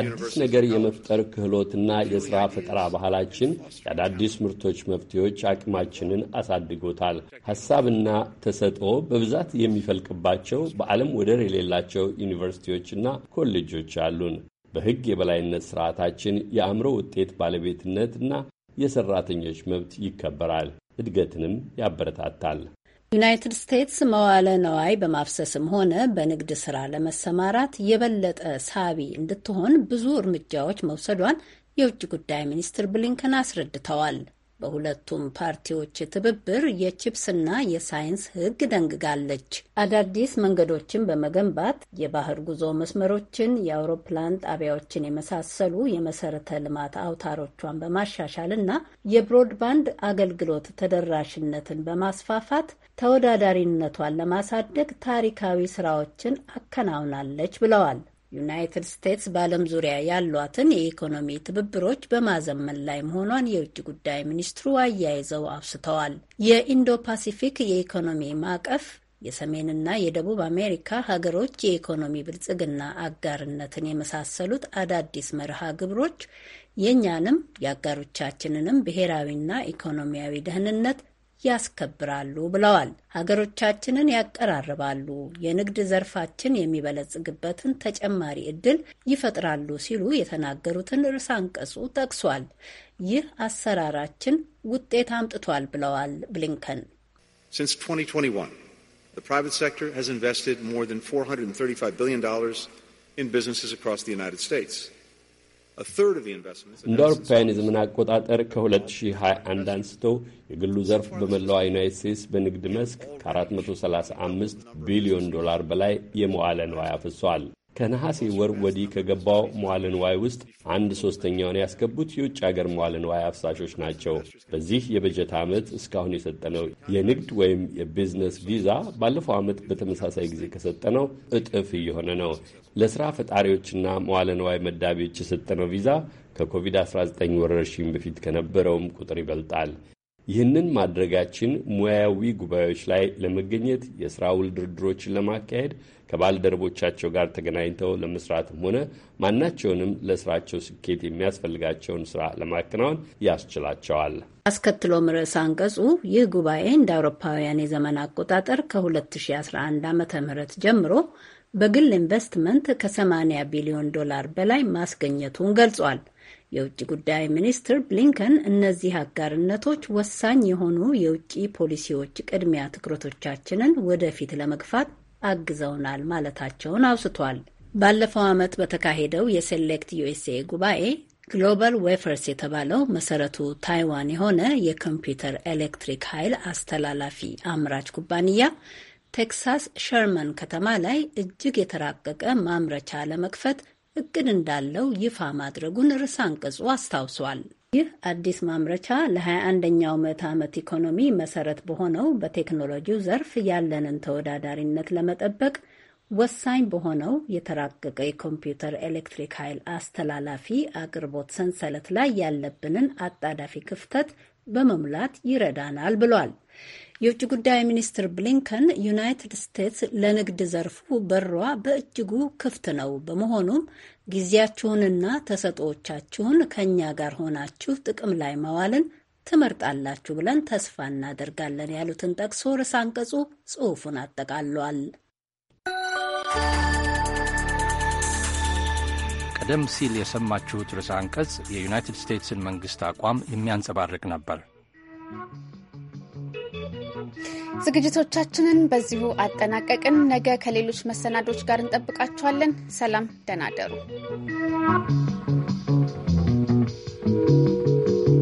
አዲስ ነገር የመፍጠር ክህሎትና የሥራ ፈጠራ ባህላችን የአዳዲስ ምርቶች መፍትሄዎች አቅማችንን አሳድጎታል። ሐሳብና ተሰጥኦ በብዛት የሚፈልቅባቸው በዓለም ወደር የሌላቸው ዩኒቨርሲቲዎችና ኮሌጆች አሉን። በሕግ የበላይነት ሥርዓታችን የአእምሮ ውጤት ባለቤትነትና የሠራተኞች መብት ይከበራል፣ እድገትንም ያበረታታል። ዩናይትድ ስቴትስ መዋለ ነዋይ በማፍሰስም ሆነ በንግድ ስራ ለመሰማራት የበለጠ ሳቢ እንድትሆን ብዙ እርምጃዎች መውሰዷን የውጭ ጉዳይ ሚኒስትር ብሊንከን አስረድተዋል። በሁለቱም ፓርቲዎች ትብብር የቺፕስና የሳይንስ ሕግ ደንግጋለች። አዳዲስ መንገዶችን በመገንባት የባህር ጉዞ መስመሮችን፣ የአውሮፕላን ጣቢያዎችን የመሳሰሉ የመሰረተ ልማት አውታሮቿን በማሻሻልና የብሮድባንድ አገልግሎት ተደራሽነትን በማስፋፋት ተወዳዳሪነቷን ለማሳደግ ታሪካዊ ስራዎችን አከናውናለች ብለዋል። ዩናይትድ ስቴትስ በዓለም ዙሪያ ያሏትን የኢኮኖሚ ትብብሮች በማዘመን ላይ መሆኗን የውጭ ጉዳይ ሚኒስትሩ አያይዘው አውስተዋል። የኢንዶ ፓሲፊክ የኢኮኖሚ ማዕቀፍ የሰሜንና የደቡብ አሜሪካ ሀገሮች የኢኮኖሚ ብልጽግና አጋርነትን የመሳሰሉት አዳዲስ መርሃ ግብሮች የእኛንም የአጋሮቻችንንም ብሔራዊና ኢኮኖሚያዊ ደህንነት ያስከብራሉ ብለዋል። ሀገሮቻችንን ያቀራርባሉ፣ የንግድ ዘርፋችን የሚበለጽግበትን ተጨማሪ ዕድል ይፈጥራሉ ሲሉ የተናገሩትን ርዕሰ አንቀጹ ጠቅሷል። ይህ አሰራራችን ውጤት አምጥቷል ብለዋል ብሊንከን። Since 2021, the private sector has invested more than $435 billion in businesses across the United States. እንደ አውሮፓውያን የዘመን አቆጣጠር ከ2021 አንስቶ የግሉ ዘርፍ በመላዋ ዩናይት ስቴትስ በንግድ መስክ ከ435 ቢሊዮን ዶላር በላይ የመዋለ ንዋይ አፍሷል። ከነሐሴ ወር ወዲህ ከገባው መዋልንዋይ ውስጥ አንድ ሶስተኛውን ያስገቡት የውጭ ሀገር መዋለንዋይ አፍሳሾች ናቸው። በዚህ የበጀት ዓመት እስካሁን የሰጠነው የንግድ ወይም የቢዝነስ ቪዛ ባለፈው ዓመት በተመሳሳይ ጊዜ ከሰጠነው እጥፍ እየሆነ ነው። ለሥራ ፈጣሪዎችና መዋለንዋይ መዳቢዎች የሰጠነው ቪዛ ከኮቪድ-19 ወረርሽኝ በፊት ከነበረውም ቁጥር ይበልጣል። ይህንን ማድረጋችን ሙያዊ ጉባኤዎች ላይ ለመገኘት የሥራ ውል ድርድሮችን ለማካሄድ ከባልደረቦቻቸው ጋር ተገናኝተው ለመስራትም ሆነ ማናቸውንም ለስራቸው ስኬት የሚያስፈልጋቸውን ስራ ለማከናወን ያስችላቸዋል። አስከትሎም ርዕሰ አንቀጹ ይህ ጉባኤ እንደ አውሮፓውያን የዘመን አቆጣጠር ከ2011 ዓ.ም ጀምሮ በግል ኢንቨስትመንት ከ80 ቢሊዮን ዶላር በላይ ማስገኘቱን ገልጿል። የውጭ ጉዳይ ሚኒስትር ብሊንከን እነዚህ አጋርነቶች ወሳኝ የሆኑ የውጭ ፖሊሲዎች ቅድሚያ ትኩረቶቻችንን ወደፊት ለመግፋት አግዘውናል ማለታቸውን አውስቷል። ባለፈው ዓመት በተካሄደው የሴሌክት ዩኤስኤ ጉባኤ ግሎባል ዌፈርስ የተባለው መሰረቱ ታይዋን የሆነ የኮምፒውተር ኤሌክትሪክ ኃይል አስተላላፊ አምራች ኩባንያ ቴክሳስ ሸርመን ከተማ ላይ እጅግ የተራቀቀ ማምረቻ ለመክፈት እቅድ እንዳለው ይፋ ማድረጉን ርዕሰ አንቀጹ አስታውሷል። ይህ አዲስ ማምረቻ ለ21ኛው ምዕተ ዓመት ኢኮኖሚ መሰረት በሆነው በቴክኖሎጂው ዘርፍ ያለንን ተወዳዳሪነት ለመጠበቅ ወሳኝ በሆነው የተራቀቀ የኮምፒውተር ኤሌክትሪክ ኃይል አስተላላፊ አቅርቦት ሰንሰለት ላይ ያለብንን አጣዳፊ ክፍተት በመሙላት ይረዳናል ብሏል። የውጭ ጉዳይ ሚኒስትር ብሊንከን ዩናይትድ ስቴትስ ለንግድ ዘርፉ በሯ በእጅጉ ክፍት ነው፣ በመሆኑም ጊዜያችሁንና ተሰጥኦቻችሁን ከእኛ ጋር ሆናችሁ ጥቅም ላይ መዋልን ትመርጣላችሁ ብለን ተስፋ እናደርጋለን ያሉትን ጠቅሶ ርዕሰ አንቀጹ ጽሑፉን አጠቃሏል። ቀደም ሲል የሰማችሁት ርዕሰ አንቀጽ የዩናይትድ ስቴትስን መንግሥት አቋም የሚያንጸባርቅ ነበር። ዝግጅቶቻችንን በዚሁ አጠናቀቅን። ነገ ከሌሎች መሰናዶች ጋር እንጠብቃችኋለን። ሰላም፣ ደህና ደሩ።